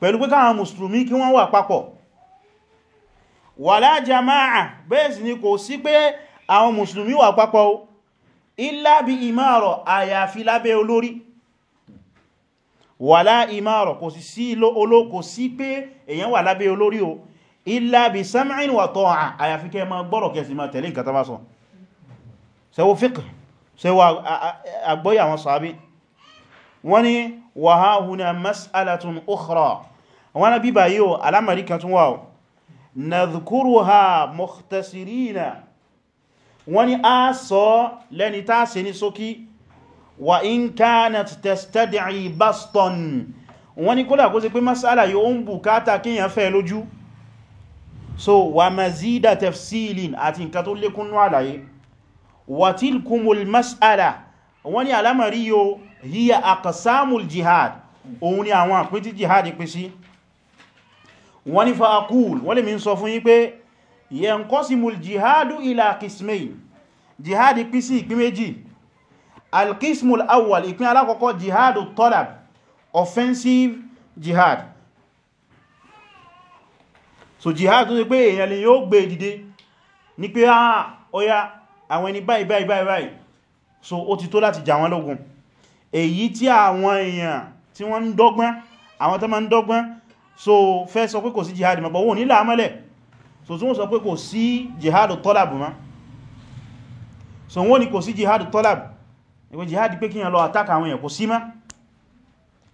pẹ̀lú pé káwọn musulmi kí wọ́n wà papọ̀ wala jama'a bẹ́ẹ̀ ni kò sí pé àwọn musulmi wà papọ̀ illa bí ìmáàrọ̀ àyàfi lábẹ́ olórí wàlá ìmáàrọ̀ kò sí sí olókò sí pé èyàn wà lábẹ́ olórí o illa bí sam'in wa ta'a àyàfi kẹ́ ma gbọ́rọ̀ kẹ́ sì ma tẹ̀lé nǹkan tàbá sọ nadhkuruha mukhtasirina wọ́n ni a sọ lẹ́ni tá ṣe ní ṣókí wa in kanat tastad'i baston wọ́n ni kódà kó sí pé masala yóò ń bùkátà kíyàn fẹ́ lójú so wa mazida tafsilin àti nǹkan tó lékún ní àlàyé wa tilkumul masala wọ́n ni alamari yóò hiya aqsamul jihad òun ni àwọn àpín jihad pín sí wọ́n ni fa aqul wọ́n lè mi sọ fún yí pé yanqasimul jihadu ila qismayn jihadi pín sí ìpín méjì alqismul awwal ìpín alákọ̀ọ́kọ́ jihadu talab offensive jihad so jihad tó ṣe pé èèyàn lè yóò gbé dìde ní pé ah ọya àwọn ẹni báyìí báyìí báyìí so ó ti tó láti jà wọ́n lógun èyí tí àwọn èèyàn tí wọ́n ń dọ́gbọ́n àwọn tó máa ń dọ́gbọ́n so fẹ́ sọ pé kò sí jihad mọ́ bọ̀ nílà amọ́lẹ̀ so tí wọ́n sọ pé kò sí jihadu tọ́làbù ma so wọ́n ni kò sí jihadu tọ́làbù ìwé jihadi pé kíyàn lọ àtàkà àwọn èèyàn kò sí má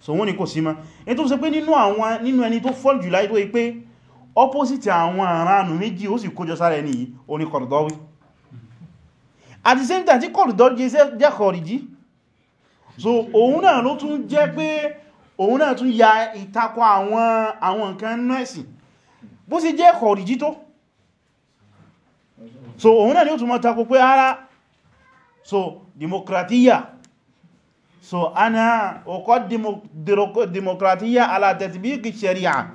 so wọ́n ni kò sí má èyí tó sọ pé nínú àwọn nínú ẹni tó fọ́l jùlá tó yí pé opposite àwọn àránù méjì ó sì kójọ sára ẹni yìí ó ní Qardawi at the same time tí Qardawi jẹ́ Khariji so òun náà ló tún jẹ́ pé òun náà tún ya ìtakọ àwọn àwọn nǹkan nọ́ẹ̀sì bó sì jẹ́ Khariji tó so òun náà ni ó tún takò pé ara so demokratiya so ana ọkọ̀ demokratiya ala tatbiqi sharia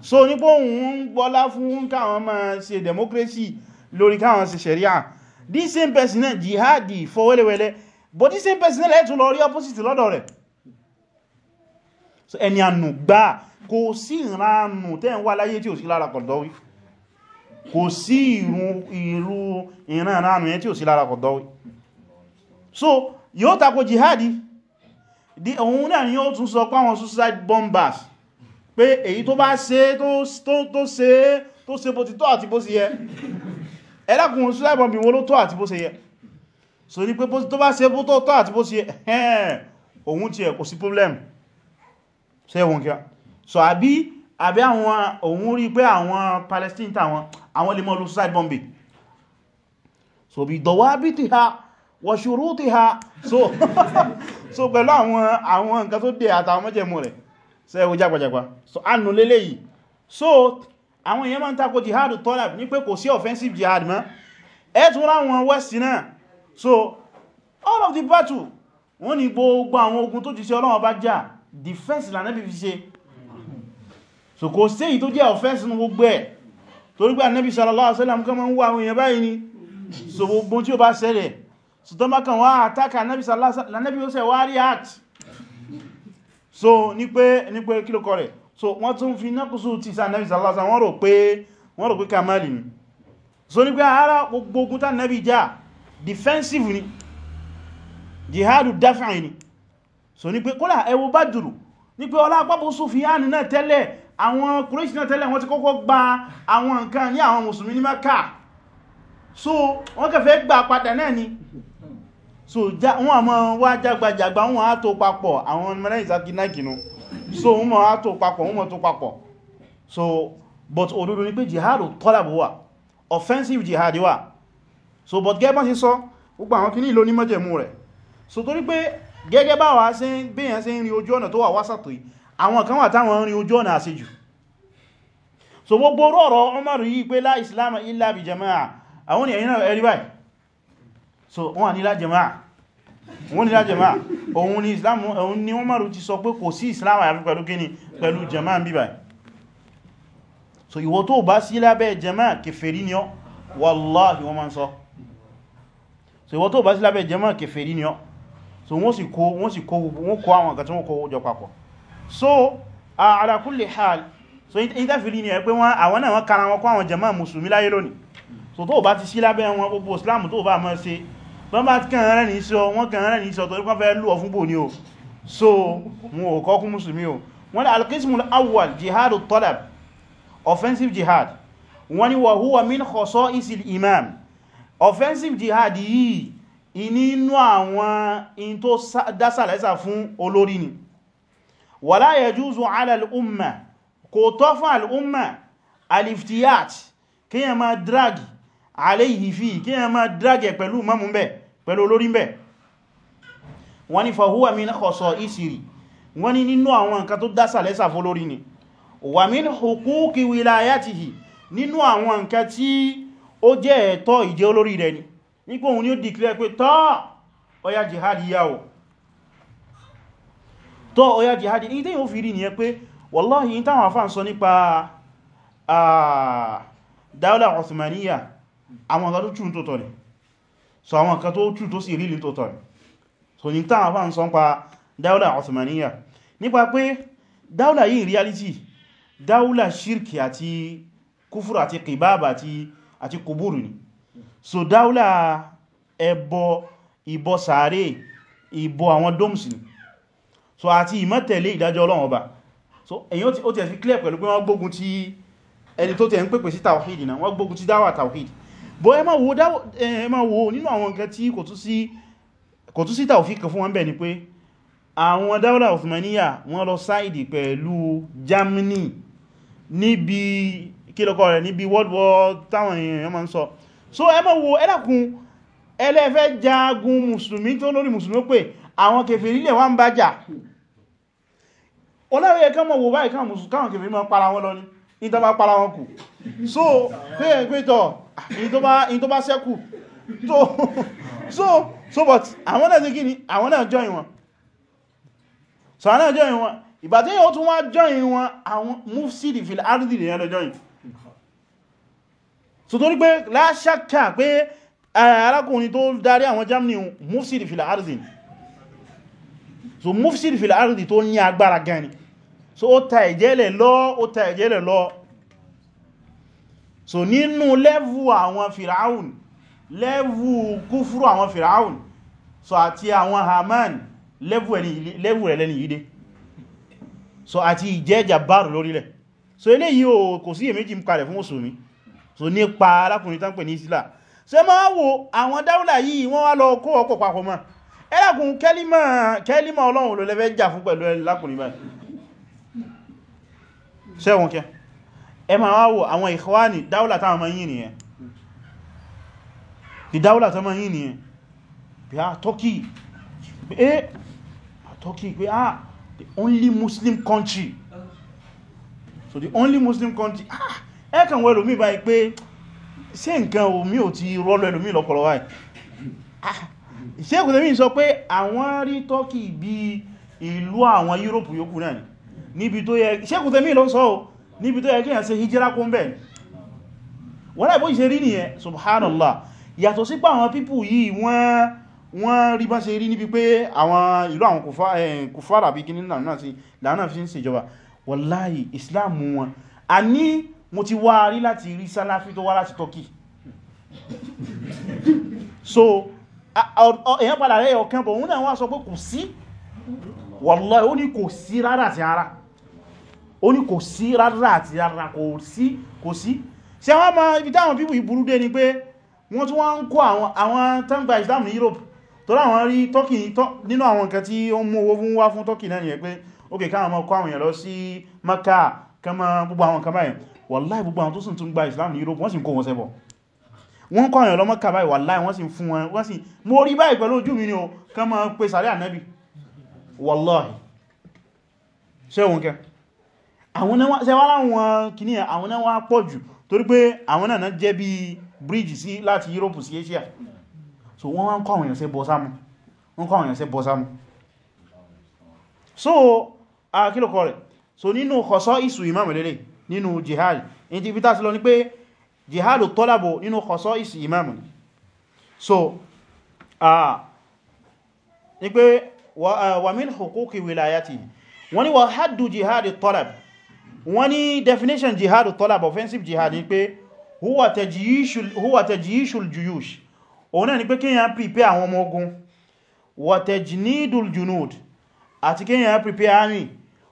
so nípo òun gbọ́lá fún káwọn máa ṣe democracy lórí káwọn ṣe sharia this same person náà jihadi fọwẹ́lẹ́wẹ́lẹ́ but this same person náà ẹ̀tún lọ rí opposite lọ́dọ̀ rẹ̀ so ẹni ànù gbá kò sí ìranù tẹ́ ń wá láyé tí ò sí lára Qardawi kò sí ìrú ìran ránù yẹn tí ò sí lára Qaradawi so yóò tako jihadi di òun náà ni ó tún sọ pé àwọn suicide bombers pé èyí tó bá ṣe tó se tó se bó ti tọ́ àti bó ṣe yẹ ẹlẹ́kùn suicide bombing wọ́n ló tọ́ àti bó ṣe yẹ so ní pé tó bá se bó tọ́ tọ́ àti bó ṣe yẹ òun ti ẹ̀ kò sí problem ṣe wọn kí so àbí àwọn òun rí pé àwọn Palestine tàwọn àwọn lè mọ́ lu suicide bombing so bí dawabitiha wa shurutiha so *laughs* so pẹ̀lú àwọn àwọn nǹkan tó dé àtàwọn mọ́jẹ̀mú rẹ̀ ṣe ẹwọ jagbajagba so annu lélẹ̀ yìí so àwọn èèyàn máa ń tako jihad tọ́lá ní pé kò sí offensive jihad mọ́ ẹ tún láwọn west náà so all of the battle wọ́n ní gbogbo àwọn ogun tó ti ṣe Ọlọ́run bá jà defense lànà bí fi ṣe so kò sí èyí tó jẹ́ offensive nínú gbogbo ẹ̀ torí pé Ànábì alaihi wasallam kan máa ń wá àwọn èèyàn báyìí ni so gbogbo tí ó bá ṣẹlẹ̀ so tó bá kan wá àtàkà so ní pé ní pé kí so wọ́n tún fi nákùsù ti sa Ànábì sallallahu alaihi wasallam wọ́n rò pé so ní pé ara gbogbo ogun tá Ànábì jà defensive ni jihadu so ní pé kódà ẹ wo Badru ní pé ọlá Abu àwọn Quraysh náà tẹ́lẹ̀ wọ́n ti kọ́kọ́ gba àwọn nǹkan ní àwọn mùsùlùmí ní Mẹ́kà so wọ́n kẹfẹ́ gbà padà náà ni so wọ́n àmọ́ wá jágbàjàgbà wọ́n á tó papọ̀ àwọn mẹ́rẹ́ ìsákinaginu so wọ́n mọ̀ á tó papọ̀ wọ́n mọ̀ tó papọ̀ so but òdodo ni pé jihad tọ́làbò wà offensive jihad wà so but gẹ́gbọ́n sí sọ gbogbo àwọn kìíní ìlò ní mọ́jẹ̀mú rẹ̀ so torí pé gẹ́gẹ́ báwa sí gbìyànjú rí ojú ọ̀nà tó wà wásàtò yìí àwọn kan wà táwọn rin ojú ọ̀nà àṣejù so gbogbo ọ̀rọ̀ Umar yìí pé la islama illa bi jama'a àwọn èèyàn náà ẹ̀rí so wọ́n ní la jama'a wọ́n ní la jama'a òun ni islam òun ni Umar ti sọ pé kò sí islam àyàfi pẹ̀lú kíni pẹ̀lú jama'a bí so ìwọ tó bá sí lábẹ́ jama'a kèfèrí ni ọ́ ń sọ so ìwọ tó bá sí lábẹ́ jama'a so wọ́n sì kó wọ́n sì kó wọ́n kó àwọn nǹkan tí so ala kulli hal so in ta fili ni ẹ pé wọ́n àwọn náà wọ́n kara wọn kọ́ àwọn jama musulmi láyé lónìí so tó bá ti sí lábẹ́ wọn gbogbo islam tó bá mọ́ sí wọ́n bá kàn rẹ̀ ní sọ wọ́n kàn rẹ̀ ní sọ torí wọ́n fẹ́ lù ọ fún bò ní o so wọn ò kọ́kún musulmi o wọ́n ni alqismul awwal jihadu talab offensive jihad wọ́n ni wa huwa min khasa'isil imam offensive jihad yìí inú àwọn in tó dásàlẹ́sà fún olórí ni wala yajuzu ala al'umma kò tọ́ fún al'umma aliftiyat kí yẹn ma drag alayhi fi kí yẹn ma drag ẹ pẹ̀lú mọ́mú bẹ̀ pẹ̀lú olórin bẹ̀ wọ́n ni fahuwa min khasa'isihi wọ́n ni nínú àwọn nǹkan tó dásà lẹ́sà fólórí ni wà min huquqi wilayatihi nínú àwọn nǹkan tí ó jẹ́ ẹ̀tọ́ ìjẹ́ olórí rẹ̀ ni nípò òun ni ó dìklẹ́ pé tọ́ ọya jihad yáwó tó ọya jihadi ní tẹ́yìn ó fi rí ní ẹ pé wallahi ní táwọn afá ń sọ nípa dáúlà Uthmaniyya àwọn nǹkan tó tó tọ́ so àwọn nǹkan tó true tó sì rí lè tó tọ́ ni so ní táwọn afá ń sọ nípa dáúlà Uthmaniyya nípa pé dáúlà yìí reality dáúlà shirki àti kúfúrù àti kìbáàbà àti kùbúrù so dáúlà ẹbọ ìbọ sàárè ìbọ àwọn domes ni so àti ìmọ̀tẹ̀lé ìdájọ́ Ọlọ́run ọba so èyàn ó ti ẹ̀sí clear pẹ̀lú pé wọ́n gbógun ti ẹni tó tẹ̀ ń pèpè sí tawhid náà wọ́n gbógun ti dáwà tawhid bó ẹ máa wo nínú àwọn nǹkan tí kò tún sí tawhid kan fún wọn bẹ̀ ni pé àwọn dáwọ́lá Uthmaniyya wọ́n lọ sáìdì pẹ̀lú Germany níbi kílọ̀kọ́ rẹ̀ níbi World War táwọn èèyàn máa ń sọ so ẹ máa wo ẹlẹ́kùn ẹlẹ́fẹ́ jagun mùsùlùmí tó lórí mùsùlùmí pé àwọn kèfèrí lè wọ́n bá jà oláwẹ́ ẹ̀kẹ́ mọ̀ wò báyìí káwọn kèfèrí mọ́ para wọn lọ ní in tó bá para wọn kù so pé pẹ́tọ̀ in tó bá sẹ́kù so so but àwọn náà sí kí ni àwọn náà join wọn so àwọn náà join wọn ìbàtí yóò tún wá join wọn àwọn mufsidi fil ardi lè yẹ́lọ join so torí pé la shakka pé eh, arákùnrin tó darí àwọn Germany mufsidi fil ardi ni so mufsid fil ardi to ni agbara gan ni so ó ta ẹ̀jẹ̀lẹ̀ lo ó ta ẹ̀jẹ̀lẹ̀ lọ so nínú lẹ́vù àwọn firaun levu kúfúrú àwọn firaun so ati àwọn haman levu rẹ̀ lẹ́ni yìí so àti ìjẹ́jà báàrù lórílẹ̀ so eléyìí o kò sí èméjì ń kalẹ̀ fún mùsùlùmí so nípa alákùnrin tán pè ní isla ṣe máa wo àwọn dáúlà yìí wọ́n wá lọ kó ọkọ̀ papọ̀ mọ́ ẹlẹ́kùn kẹ́límà ọlọ́run ló lẹ́fẹ́ jà fún pẹ̀lú ẹlákùnrin báyìí sẹ́wọ̀n kẹ́ ẹ ma wá wò àwọn ìkwáni dáúlà táwọn ma yìí nìyẹn di ma yìí nìyẹn bí a ah, Turkey pé eh ah, Turkey pé ah the only Muslim country so the only Muslim country ah ẹ̀kàn wẹ́lò mí báyìí pé ṣe nǹkan omi ò ti rọ́lọ́ ẹlòmí lọ́pọ̀lọ́wà Sheikh Uthaymeen sọ pé àwọn rí Turkey bí ìlú àwọn Europe yòókù náà níbi tó yẹ Sheikh Uthaymeen ló sọ o níbi tó yẹ kí yàn ṣe hijira kún bẹ̀ wọ́n láìbó ṣe rí nìyẹn subhanallah yàtọ̀ sí pé àwọn pípù yìí wọ́n wọ́n rí bá ṣe rí níbi pé àwọn ìlú àwọn eh, kùfàrà bí kíní lànà fi ń ṣèjọba wallahi Islam wọn a ní mo ti wá rí láti rí Salafi tó wá láti Turkey so èyàn padà rẹ̀ ọ̀kan bọ̀ òun náà wá sọ pé kò sí wallahi ó ní kò sí rárá àti ara ó ní kò sí rárá àti ara kò sí kò sí ṣe wọ́n ma ibi táwọn pípù ìburú dé ni pé wọ́n tún wọ́n ń kó àwọn tangba Islam ní Europe tó láwọn rí Turkey nínú àwọn nǹkan tí ó mú owó fún wá fún Turkey náà nìyẹn pé ókè káwọn ma kó àwọn èèyàn lọ sí Maka kama gbogbo àwọn kan báyìí wallahi gbogbo àwọn tó sì tún gba Islam ní Europe wọ́n sì kó wọn ṣẹbọ wọ́n kọ́ àyàn lọ́mọ́ kàbáyì wallahi wọ́n sì fún wọn wọ́n sì mo rí báyìí pẹ̀lú ojú mi ni o kán máa pè sàárẹ́ ànábì wallahi ṣẹ́wọ̀n kẹ́ àwọn kìíní pọ̀ jù torí pé àwọn náà jẹ́ bí bridge sí láti Europe sí Asia so wọ́n wọ́n kọ́ àwọn èèyàn sẹ́ bọ́ sámú jihadu tọ́lábò nínú khasa'is imamu so a ní pé wa min huquqi wilayati wọ́n ni wa haddu jihadu tọ́lábò wọ́n ni definition jihadu tọ́lábò offensive jihad ni pé huwa tajyishul huwa tajyishul ni pé kíyàn prepare àwọn ọmọ ogun wa tajnidul junud àti kíyàn prepare army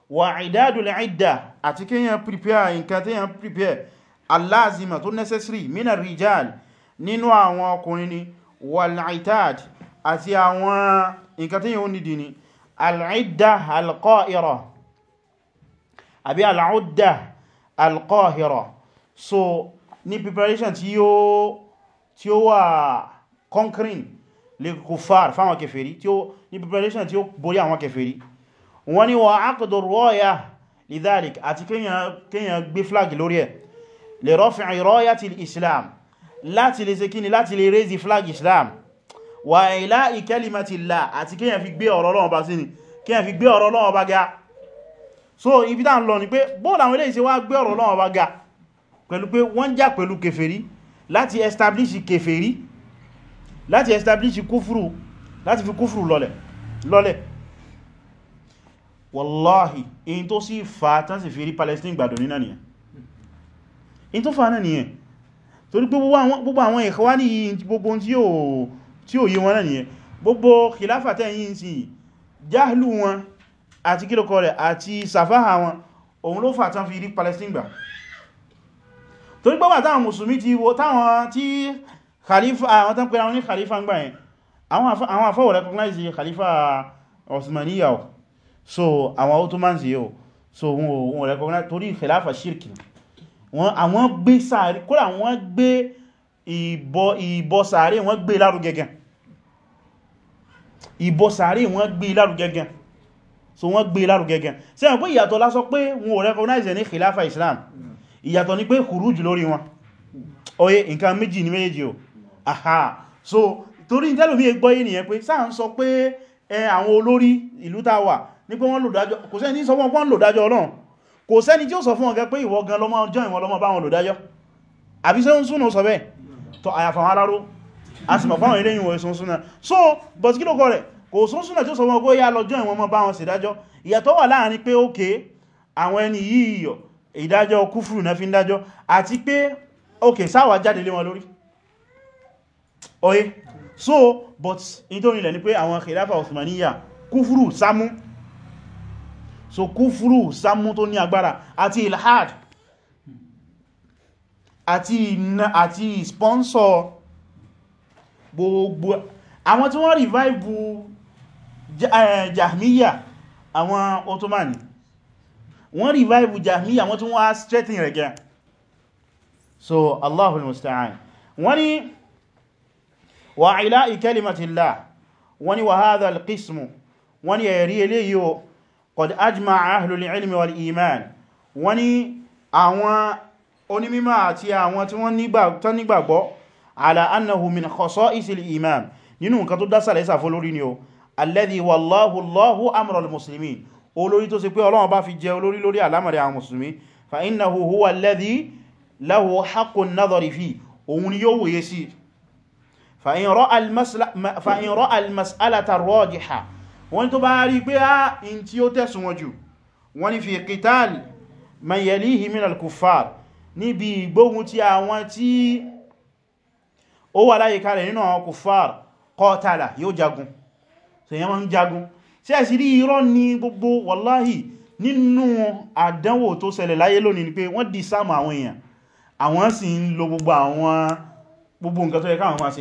wa idadul idda àti kíyàn prepare nǹkan tíyàn prepare aláàzìmà tó necessary mina rijal nínú àwọn ọkùnrin ni wal'itad àti àwọn nǹkan tí yíò nìdí ni al'idda alqa'ira àbí al'udda alqa'ira so ní preparation tí ó tí ó wà conquering lè kùfàr fáwọn kèfèrí tí ó ní preparation tí ó borí àwọn kèfèrí wọ́n ni wọ́n aqdu rọ́ya lidhalik àti kíyàn gbé flag lórí ẹ̀ lè rọ́fìn rọ́yàtì islam láti lè ṣe kíni láti lè raise the flag islam wà ilá ìkẹ́lìmọ̀tìlá àti kíyàn fi gbé ọ̀rọ̀ Ọlọ́run bá sí ni kíyàn fi gbé ọ̀rọ̀ Ọlọ́run bá ga so ibi tá ń lọ ni pé bóòlù àwọn eléyìí ṣe wá gbé ọ̀rọ̀ Ọlọ́run bá ga pẹ̀lú pé wọ́n jà pẹ̀lú kèfèrí láti establish kèfèrí láti establish kúfùrù láti fi kúfùrù lọ́lẹ̀ lọ́lẹ̀ wallahi in tó fa náà nìyẹn torí gbogbo àwọn ìkọwà ní gbogbo tí ó yí wọn náà nìyẹn gbogbo khilafa tẹ́yìn sí jahlu wọn àti kílòkọ rẹ̀ àti safaha wọn òun ló fà tán fi rí Palestine gbà torí pé táwọn mùsùlùmí ti wo táwọn tí khalifa àwọn tán pẹ̀lú àwọn ní khalifa ń gbà yẹn àwọn afọ́wọ̀ àwọn gbé sàárì kódà wọ́n gbé ìbọ sàárì wọ́n gbé lárugẹ gan ìbọ sàárì wọ́n gbé lárugẹ gan so wọ́n gbé lárugẹ gan ṣé mo pé ìyàtọ̀ la sọ pé wọn ò recognize ní khilafa Islam ìyàtọ̀ ni pé khuruj lórí wọn ó yé nǹkan méjì ní méjì o aha so torí ìtẹ́lùmí ẹgbọ́ yìí nìyẹn pé sáà ń sọ pé àwọn olórí ìlú tá wà ní pé wọ́n lò dájọ́ kò sẹ́ni sọ wọ́n lò dájọ́ Ọlọ́run kò sẹ́ni tí ó sọ fún ọ̀gá pé ìwọ gan lọ́mọ ọjọ́ ìwọ lọ́mọ báwọn olùdájọ́ àbí sẹ́ ń súnà sọ bẹ́ẹ̀ tó àyàfàwọn aláró a sì mọ̀ fáwọn ilé ìwọ̀ súnà so but kí ló kọ rẹ̀ kò sún súnà tí ó sọ fún ọgbó yá lọ́jọ́ ìwọ̀n mọ́ báwọn ṣèdájọ́ ìyàtọ̀ wà láàrin pé ókè àwọn ẹni yìí ìdájọ́ kúfùrù náà fi ń dájọ́ àti pé ókè sáwà jáde lé wọn lórí oye so but in tó nílẹ̀ ni pé àwọn khilafa Uthmaniyya kúfùrù sámú so kúfúrú sámú tó ní agbára àti ilhad àti ìna àti sponsor gbogbo àwọn tí wọ́n revive eh, jahmiya àwọn ottomani wọ́n revive jahmiya wọ́n tí wọ́n á straighten rẹ̀ gẹ́ so allahul musta'an wọ́n ni wa ila'i kalimatillah wọ́n ni wa hadha al-qismu wọ́n ni ẹ̀rí eléyìí qad ajma'a ahlul ilmi wal iman wọ́n ní àwọn onímímọ̀ àti àwọn tí wọ́n nígbàgbọ́ ala annahu min khasa'isil iman nínú nǹkan tó dásàlẹ̀ ìsà fún lórí ni o alladhi wallahu allahu amral muslimin olórí tó ṣe pé Ọlọ́run bá fi jẹ olórí lórí àlámọ̀rí àwọn musulmi fa innahu huwa alladhi lahu haqqun nadhari fi òun ni yóò wòye fa in ra'a al mas'alata wọ́n tó bá rí pé á ah, in tí ó tẹ̀sùn wọn jù wọ́n ni fi kìtàlì man yalihi minal kuffar níbi ìgbógun ti àwọn tí ó wà láyé kalẹ̀ nínú àwọn kuffar qatala yóò jagun so yẹn wọ́n ń jagun sí ẹ̀sì rí irọ́ ní gbogbo wàláhì nínú àdánwò tó ṣẹlẹ̀ láyé lónìí ni pé wọ́n dì sáàmù àwọn èèyàn àwọn sì ń lo gbogbo àwọn gbogbo nǹkan tó yẹ káwọn máa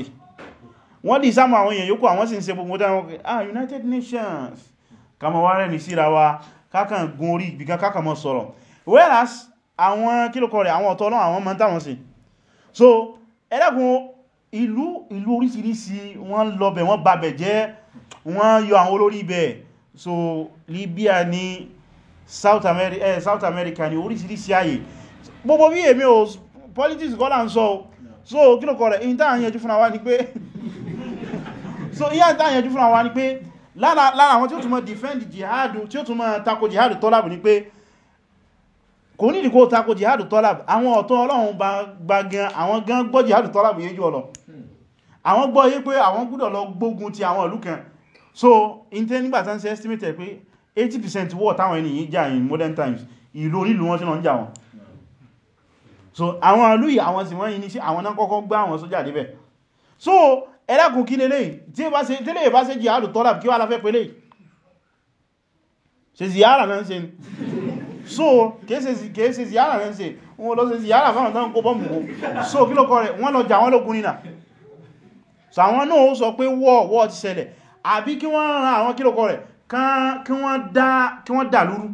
wọ́n dì sáàmù àwọn èèyàn yòókù àwọn sì ń ṣe gbogbo dáwọn pé ah United Nations kàmọ̀ wá rẹ̀ ní síra wa kákan gun orí ìgbìkan kákan mọ́ sọ̀rọ̀ whereas àwọn kílòkọ̀ rẹ̀ àwọn ọ̀tọ̀ náà àwọn mọ́ta wọn sí so ẹlẹ́gùn ìlú ìlú oríṣiríṣi wọ́n lọ́bẹ̀ wọ́n babẹ̀ jẹ́ wọ́n yọ àwọn olórí ibẹ̀ so Libya ní South America, eh, South America ní oríṣiríṣi ayé gbogbo bí èmi ò politics gọ́lá ń sọ so kílòkọ̀ rẹ̀ in táà yẹjú fúnra wá ní *laughs* so iya ta yanjú fún àwọn ni pé lára àwọn tí ó túnmọ̀ defend jihad tí ó túnmọ̀ tako jihad tọ́lábù ni pé kò ní ìdíkò tako jihad tọ́lábù àwọn ọ̀tọ́ ọlọ́run bá gan àwọn gan gbọ́ jihad tọ́lábù yẹjú ọlọ àwọn gbọ́ yé pé àwọn gbọ́dọ̀ lọ gbógun ti àwọn ìlú kan so in ten nígbà tán sí estimate pé 80% war táwọn ènìyàn jà in modern times ìlú onílù wọn sí lọ ń jà wọn so àwọn ìlú yìí àwọn sì wọ́n yìí ní sí àwọn náà kọ́kọ́ gbá àwọn sójà débẹ̀ so ẹlẹ́kùn kí lélẹ́ tẹ́lẹ̀ bá ṣe jihadu tọ́lá kí wá láfẹ́ pẹ̀lẹ̀ ṣe ziyara náà ṣe so kìí ṣe ziyara náà ṣe wọn lọ ṣe ziyara fáwọn tán kó bọ́mù kó so kí lọ́kọ́ rẹ̀ wọ́n lọ jà wọ́n lókun nínà so àwọn náà ó sọ pé wọ́ wọ́ ti ṣẹlẹ̀ àbí kí wọ́n ran àwọn kí lọ́kọ́ rẹ̀ kí wọ́n dà lúrú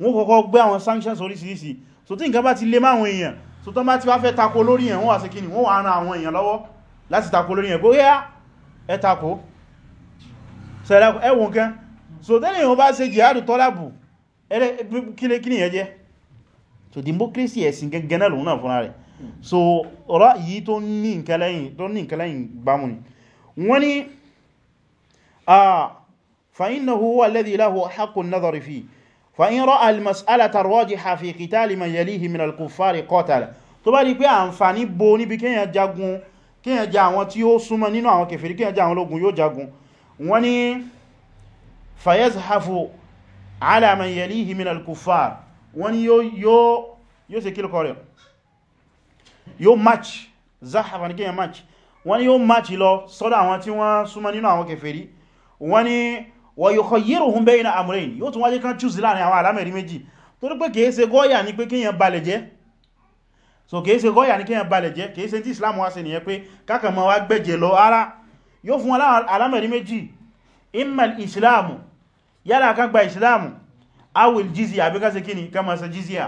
wọ́n kọ́kọ́ gbé àwọn sanctions oríṣiríṣi so tí nǹkan bá ti lé máwọn èèyàn so tán bá ti wá fẹ́ tako lórí ẹ̀ wọ́n wà sí kíni wọ́n wà ran àwọn èèyàn lọ́wọ́ láti takò lórí ẹ̀kọ́ yá ẹ takò ẹwùn kan so tẹ́lẹ̀ ìwọ̀n bá ṣe jihadu tọ́lábù kílé kí nìyẹn jẹ́ so democracy ẹ̀sìn gẹ́gẹ́ náà lòun náà fúnra rẹ̀ so ọ̀rọ̀ yìí tó ní nǹkan gbámù ni wọ́n ni فإنه هو الذي له حق النظر فيه فإن رأى المسألة الراجحة في قتال من يليه من الكفار قاتل tó bá rí pé àǹfààní bo níbi kíyàn jagun kíyàn jẹ àwọn tí ó súnmọ́ nínú àwọn kèfèrí kíyàn jẹ àwọn ológun yóò jagun wọ́n ni fayazhafu ala man yalihi min al-kuffar wọ́n ni yóò ṣe kílùkọ rẹ̀ yóò match zahafa ní kíyàn match wọ́n ni yóò match lọ sọ́dọ̀ àwọn tí wọ́n súnmọ́ nínú àwọn kèfèrí wọ́n ni wa yukhayyiruhum bayna amrayn yóò tún wáyé kan choose láàrin àwọn alámẹ̀rí méjì torípé kìí ṣe gọ́ọ̀yà ní pé kíyàn balẹ̀ jẹ́ so kìí ṣe gọ́yà ní kíyàn balẹ̀ jẹ́ kìí ṣe tí Islam wá ṣe nìyẹn pé kákan ma wá gbẹ̀jẹ̀ lọ ara yóò fún alámẹ̀rí méjì imma islamu yálà kan gba islamu awil jizya àbí kásẹ̀ kíni ká ma ṣe jizya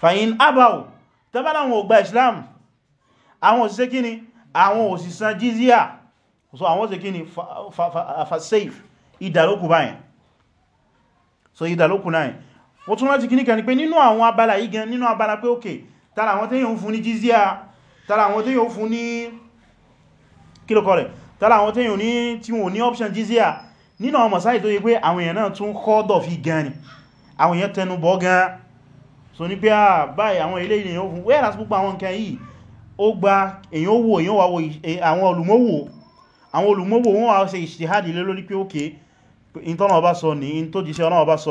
fàyín abáwò tẹ́bàlá wọn ò gba islamu àwọn òsìsẹ́ kíni àwọn òsìsẹ́ jizya so àwọn òsìsẹ́ kíni fa safe ìdàlókù báyìí so ìdàlókù náà mo tún rántí kìníkà ní pé nínú àwọn abala yìí gan nínú abala pé òkè tara àwọn tẹ́yàn fún ní jízíà tara àwọn tẹ́yàn fún ní kílòkọ rẹ̀ tara àwọn tẹ́yàn ní tí wọ́n ní option jízíà nínú àwọn masáì tó yí pé àwọn èèyàn náà tún kọ́dọ̀ ni àwọn èèyàn tẹnu bọ́ so ní pé à báyìí àwọn ilé ilé èèyàn fún wẹ́ẹ̀ láti púpọ̀ àwọn nǹkan yìí ó gba èèyàn wò èèyàn wà e, àwọn olùmọ́wò àwọn olùmọ́wò wọ́n wá ṣe ìṣtìhádìí lé lórí pé ókè ìtọ́nà ọba sọ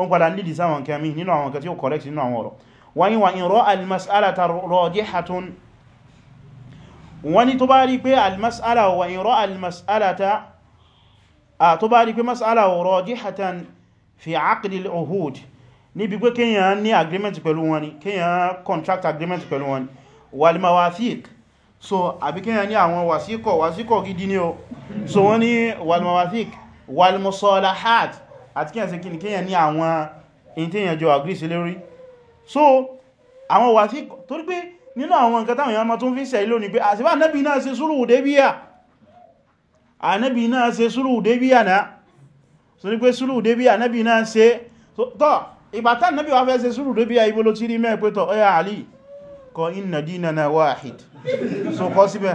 ó padà lìdí sáwọn kẹmí nínú àwọn kẹtí ó correct nínú àwọn ọ̀rọ̀ wọ́n yíwa in rọ́ almas'alata rajihatun wọ́n ni tó bá rí pé almas'ala wa in rọ́ almas'alata a tó bá rí pé mas'ala rajihatan fi aqdil uhud níbi kíyàn ní agreement pẹ̀lú wọn kíyàn contract agreement pẹ̀lú wọn ni wal so àbí kíyàn ní àwọn wasíkọ̀ wasíkọ̀ gidi ni o so wọ́n ni wal mawathiq wal musalahat àti kíyàn sí kí ní kíyàn ní àwọn ìntíyàn jọ àgírí sí lórí so àwọn wà sí torí pé nínú àwọn nǹkan táwọn èèyàn ma tún fi sẹ̀ ilé ní pé àṣìbá nẹ́bì náà ṣe sùúrù débíyà ànẹ́bì náà ṣe sùúrù débíyà náà so ní pé sùúrù débíyà nẹ́bì náà ṣe tọ́ ìbátá nẹ́bì wá fẹ́ ṣe sùúrù débíyà ibo ló ti rí mẹ́ pé tọ́ ọya àlì kọ inna dinana wahid so kọ síbẹ̀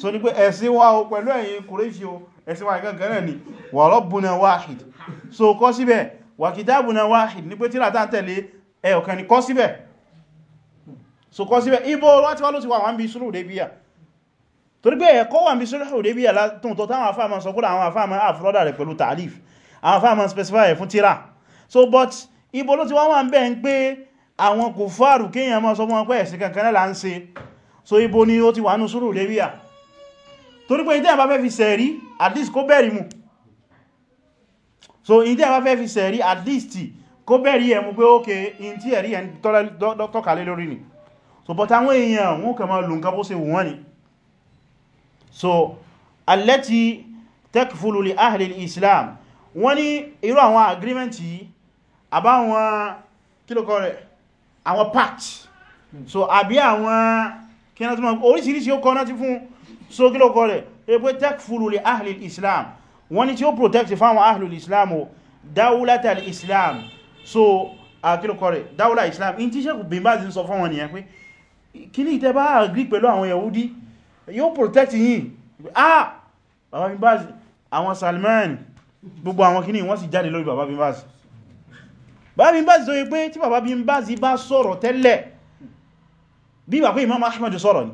so ní pé ẹ̀sìn wa o pẹ̀lú ẹ̀yin kùrẹ́ṣì ẹ̀sìn wa gangan náà ni wa rabbuna wahid so kọ́ síbẹ̀ wa kitabuna wahid ní pé tíra tá ń tẹ̀lé ẹ ọ̀kan ni kọ́ síbẹ̀ so kọ́ síbẹ̀ ibo láti wá ló ti wà wọ́n bí sùúrù débíyà torí pé ẹ̀kọ́ wà bí sùúrù débíyà látúntọ́ táwọn afáàmà sọ kúrò àwọn afáàmà àfúrọ́dà rẹ̀ pẹ̀lú tààlif so but ibo ló ti wá wà ń bẹ́ ń pé àwọn kò fáàrù kéèyàn máa sọ fún wọn pé ẹ̀sìn kankan náà là ń ṣe so ibo ni ó ti wà nú sùúrù débíyà torí pé ìdí àbá fẹ́ fi sẹ̀rí at least kó bẹ̀rí mu so ìdí àbá fẹ́ fi sẹ̀rí at least kó bẹ̀rí ẹ̀ mú pé ókè in tí ẹ̀rí ẹ̀ tọ́kàlé lórí ni so but àwọn èèyàn wọn kàn máa lù nǹkan bó ṣe wù wọ́n ni so allati takfulu li ahli al-islam wọ́n ní irú àwọn agreement yìí àbáwọn kílòkọ́ rẹ̀ àwọn pact so àbí àwọn kí oríṣiríṣi ó kọ́ náà ti fún so kí ló kọ́ rẹ̀ pé takfulu li ahli islam wọ́n ni tí ó protect fáwọn ahli islam o dáúlátà islam so àkílùkọ́ rẹ̀ dáúlá islam in tí sẹ́kù bí bá ti sọ fáwọn nìyàn pé kí ní ìtẹ́ bá agree pẹ̀lú àwọn yahudi yóò protect yìí ah bàbá bin baz àwọn salman gbogbo àwọn kìíní wọ́n sì jáde lórí baba bin baz bàbá bin baz sọ pé tí bàbá bin baz bá sọ̀rọ̀ tẹ́lẹ̀ bí bàbá imam ahmad sọ̀rọ̀ ni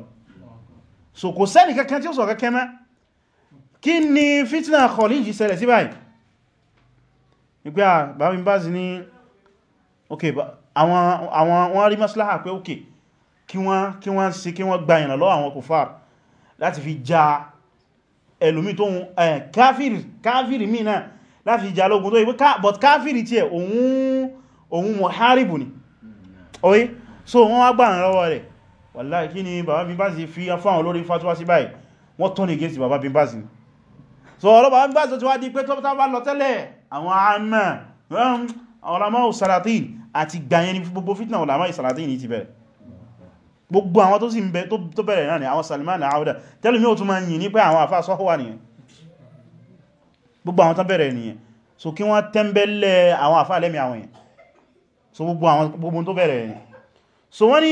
so kò sẹ́ni kankan tí ó sọ kankan mẹ́ kí ni fitna Khalid ṣẹlẹ̀ sí báyìí nígbé ah, àbábí bá sí ní ok àwọn wọ́n rí maslaha pé ok kí wọ́n kí wọ́n sí kí wọ́n gba ìrànlọ́ àwọn kòfàr láti fi ja ẹlòmí tó ń káfìrì eh, káfìrì mí náà láti ja lógun tó ìwé but káfìrì tí ẹ̀ òun muharibu ni oye so wọ́n wá gbà ìrànlọ́wọ́ rẹ̀ wàláì kí ni bàbá bin báàsì fi afáwọn olórin fatuwa sí báyìí wọ́n tún ní gẹ́sì bàbá bin so ọ̀rọ̀ bàbá bin báàsì tó wá di pé tó bá lọ tẹ́lẹ̀ àwọn àmà ọ̀làmọ́ um, ìsàlátìn àti gbàyẹn ni gbogbo fitna ọ̀làmọ́ ìsàlátìn ní ti bẹ̀rẹ̀ gbogbo àwọn tó sì ń bẹ tó so kí wọ́n tẹ́mbẹ̀lẹ̀ àwọn àfáà lẹ́mí àwọn so gbogbo àwọn gbogbo so wọ́n ni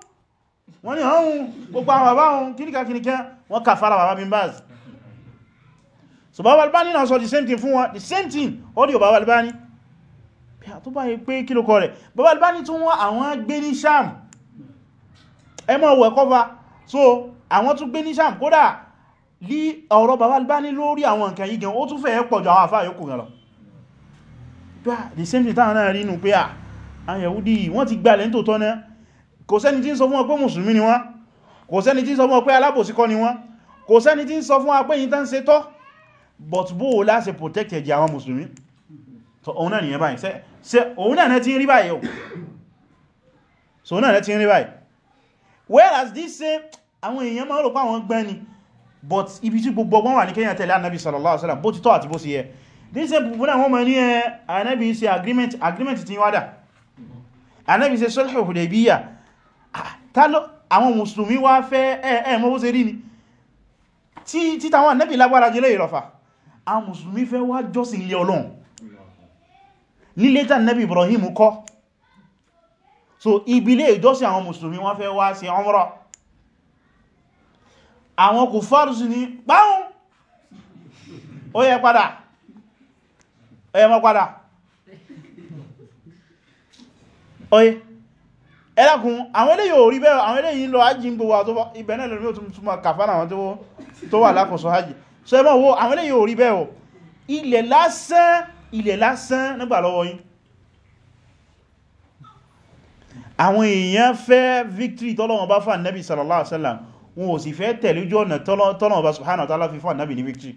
wọ́n ní ọ̀hún gbogbo àwọn bàbá ohun kíníkà kíníkà wọ́n kà fara bàbá bin Baz so bàbá Albani náà sọ the same thing fún wọn the same thing ọdí bàbá Albani tó bá yí pé kí ló kọ rẹ̀ bàbá Albani tún wọ́n àwọn gbé ní Sham ẹ mọ́ wẹ̀ kọ́fà so àwọn tún gbé ní Sham kódà lí ọ̀rọ̀ bàbá Albani lórí àwọn nǹkan yìí gan ó tún fẹ́ pọ̀jù àwọn àfáà yókù gan lọ the same thing táwọn náà rí nù pé à àwọn Yahudi wọ́n ti gbalẹ̀ kò sẹ́ni tí ń sọ fún wa pé mùsùlùmí ni wọ́n kò sẹ́ni tí ń sọ fún wa pé alábòsí kọ́ ni wọ́n kò sẹ́ni tí ń sọ fún wa pé yìí tán ṣe tọ́ but bó la ṣe protect ẹ̀jẹ̀ àwọn mùsùlùmí so òun náà nìyẹn báyìí ṣe òun náà ti ń rí báyìí so òun náà ti ń rí báyìí whereas this same àwọn èèyàn máa ń rò pé àwọn gbẹ́ ni but ibi tí gbogbo ọgbọ́n wà ní kéèyàn tẹ̀lé ànábì sallallahu alaihi wasallam bó ti tọ́ àti bó sì yẹ this same gbogbo náà wọ́n mọ̀ ní ẹ eh, ànábì ṣe agreement agreement ti wádà ànábì ṣe sulhu Hudaybiyah àwọn mùsùlùmí wá fẹ́ ẹ̀ẹ̀mọ́ bó ṣe rí ni tí tàwọn ànábì lágbára jẹ́lẹ̀ ìrọ̀fà àwọn mùsùlùmí fẹ́ wá jọ́sìn ilé ọlọ́run nílé tí ànábì Ibrahim kọ́ so ibilé ìjọsìn àwọn mùsùlùmí wọ́n fẹ́ wá ṣe ọmọrọ̀ àwọn kò fárúsù ní báhùn ó yẹ padà ó yẹ mọ́ padà ó yẹ ẹlákun àwọn eléyìí ò rí bẹ́ẹ̀ àwọn eléyìí lọ hajji ń gbogbo àtọ́ ibẹ̀ náà lórí òtún túnmọ̀ kàfánà àwọn tó wà lákòóso hajji so ẹmọ́ wo àwọn eléyìí ò rí bẹ́ẹ̀ o ilẹ̀ lásán ilẹ̀ lásán nígbà lọ́wọ́ yín àwọn èèyàn fẹ́ victory tọ́lọ́wọ́n bá fà nẹ́bì sallallahu alaihi wasallam wọn ò sì fẹ́ tẹ̀lé ojú ọ̀nà tọ́lọ́wọ́n bá subhanahu wa victory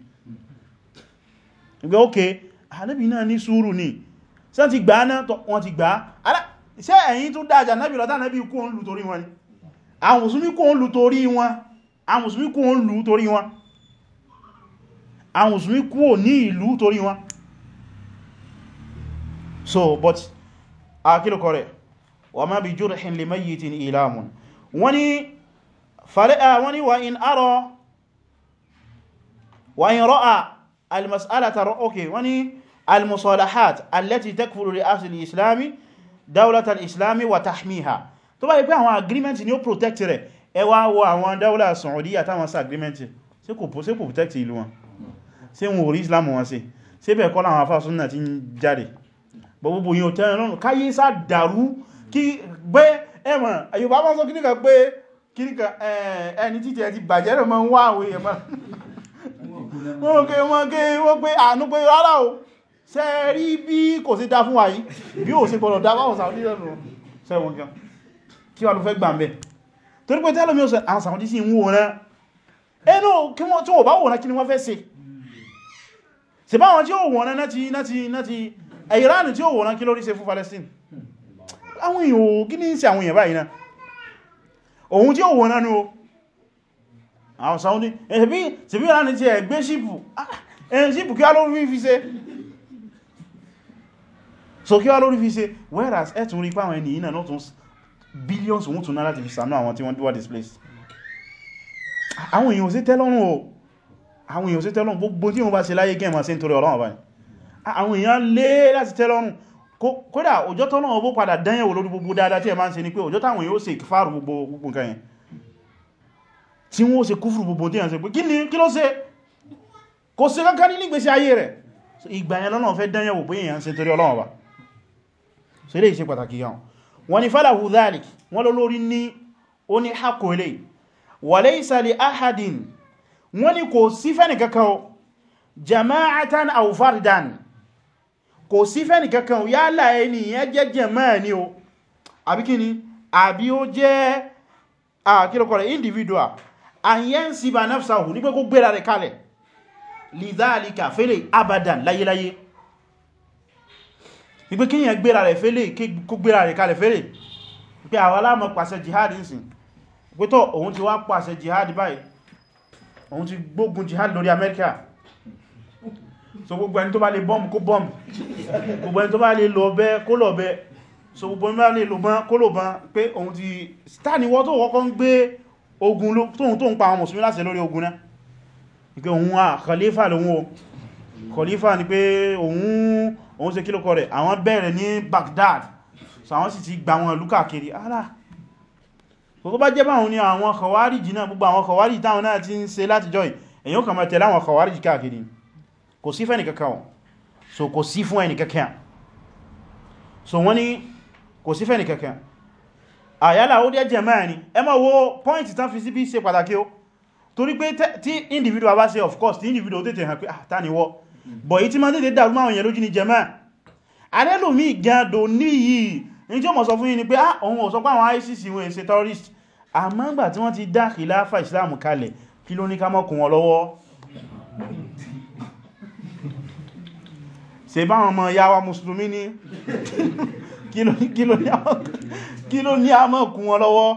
ìgbẹ́ ókè ànẹ́bì náà ní sùúrù ní sẹ́ ti gbà náà wọ́n iṣẹ́ ẹ̀yin tún dájà náàbì lọ́tà náàbì kú òun lù torí wọn ni àwọn mùsùlùmí kú òun lù torí wọn àwọn mùsùlùmí kú òun lù torí wọn àwọn mùsùlùmí kú ò ní ìlú torí wọn so but akílùkọ rẹ̀ wa ma bi jurhin li mayyitin ilamun wani wa in ara wa in ra'a al-mas'alata ok wani al-musalahat dáúlátàn islami wa tahmiha tó bá yí pé àwọn agreement ni ó protect rẹ̀ ẹ wá wo àwọn dáúlà Saudiya táwọn sí agreement ṣé kò ṣe kò protect ìlú wọn ṣé wọn ò rí islam wọn ṣe ṣé bẹ́ẹ̀ kọ́ láwọn afá súnnà ti ń jáde gbogbo yíò tẹ́rin lọ́nà káyé sá dàrú kí gbé ẹ̀mọ̀ àyùbá mọ́ sọ kíníkà pé kíníkà ẹni títẹ̀ ti bàjẹ́ rẹ̀ mọ́ ń wá àwọn èèyàn mọ́ ṣe rí bí kò sí dá fún wa yìí bí ò sí gbọ́nà dá báwọn Saudi lẹ́nu sẹ́wọ̀n gan kí wà ló fẹ́ gbà mẹ́ torí pé tẹ́lọ mi ó sọ àwọn Saudi sí ìwò rẹ̀ ẹnu kí wọ́n tí wọ́n bá wò náà kí ni wọ́n fẹ́ ṣe ṣe báwọn tí ó wò náà náti náti náti Iran tí ó wò náà kí lórí ṣe fún Palestine àwọn èèyàn kí ní ṣe àwọn èèyàn báyìí náà òun tí ó wò náà ni ó àwọn Saudi ẹ̀sẹ̀ bí Iran ti ẹ̀gbẹ́ ṣípù ah, ẹ̀ṣípù kí á ló rí fi ṣe so kí wá lórí fi ṣe whereas ẹ tún rí pé àwọn ènìyàn náà tún billions wọ́n tún náà láti fi sànú àwọn tí wọ́n wà displaced àwọn èèyàn ò sí tẹ́lọ́rùn o àwọn èèyàn ò sí tẹ́lọ́rùn gbogbo tí wọ́n bá ṣe láyé kẹ́ẹ̀mọ̀ sí nítorí ọ̀rọ̀ ọ̀bá àwọn èèyàn lé láti tẹ́lọ́rùn kódà òjò tọ́lọ́run ọbó padà dányẹ̀wò lórí gbogbo dáadáa tí ẹ máa ń ṣe ni pé òjò táwọn èèyàn ó ṣe fàárù gbogbo nǹkan yẹn tí wọ́n ó ṣe kúfùrù gbogbo tí ẹ ń ṣe pé kí ló ṣe kò ṣe kankan ní nígbésí ayé rẹ̀ ìgbà yẹn lọ́nà fẹ́ dányẹ̀wò pé èèyàn ń ṣe torí Ọlọ́run ọba so ilé ìṣe pàtàkì yàn wọ́n ni falahu dhalik wọ́n ló lórí ní ó ní hakò ilé wa laysa li ahadin wọ́n ni kò sí fẹ́ni kankan jama'atan aw fardan kò sí fẹ́ni kankan yálà ẹni yẹn jẹ́ jama'a ni o àbí kíni àbí ó jẹ́ àkílọ́kọ̀ rẹ̀ individual àyẹ́nsì bá nafsahu ní pé kó gbéra rẹ̀ kalẹ̀ lidhalika fẹ́lẹ̀ abadan láyéláyé ìpé kíyàn gbéra rẹ̀ fẹ́lẹ̀ kó gbéra rẹ̀ kalẹ̀ fẹ́lẹ̀ pé àwọn aláàmọ̀ pàṣẹ jihad nsìn pé tọ́ òun ti wá pàṣẹ jihad báyìí òun ti gbógun jihad lórí Amẹ́ríkà so gbogbo ẹni tó bá lè bọ́m kó bọ́m gbogbo ẹni tó bá lè lọ bẹ́ kó lọ bẹ́ so gbogbo ẹni bá lè lọ bán kó lọ bán pé òun ti stániwọ́ tó wọ́kọ́ ń gbé ogun tóhun tó ń pa àwọn mùsùlùmí láṣẹ lórí ogun náà ìpé òun à khalifa lòun o kọlífà ni pé òun òun ṣe kílòkọ rẹ̀ àwọn bẹ̀rẹ̀ ní Baghdad so àwọn sì ti gba wọn ìlú káàkiri ara so tó bá jẹ́ báwọn ni àwọn kọwárìjì náà gbogbo àwọn kọwárìjì táwọn náà ti ń ṣe láti jọ èyàn kàn máa tẹ̀lé àwọn kọwárìjì káàkiri kò sí fẹ́ nìkankan so kò sí fún ẹnìkankan so wọ́n ní kò sí fẹ́ nìkankan àyálà wo point tán fi síbí ṣe pàtàkì ó torí pé tí individual bá se of course tí individual tètè hàn pé ah ta ni bọ̀ yí tí ma tètè dàrú máa òyìn lójú ni jẹmẹ́ arẹ́lòmí gẹ́dọ̀ ní yìí ní tí ó mọ̀ sọ fún yín ni pé ohun ah, ọ̀sọ́ pé àwọn ICC wọn ṣe terrorist àmọ́ ìgbà tí wọ́n ti dá khilafa Islam kalẹ̀ kí ló ní ká mọ́kùn wọn lọ́wọ́ ṣe báwọn ọmọ ya wa mùsùlùmí ni kí ló ní a mọ́kùn wọn lọ́wọ́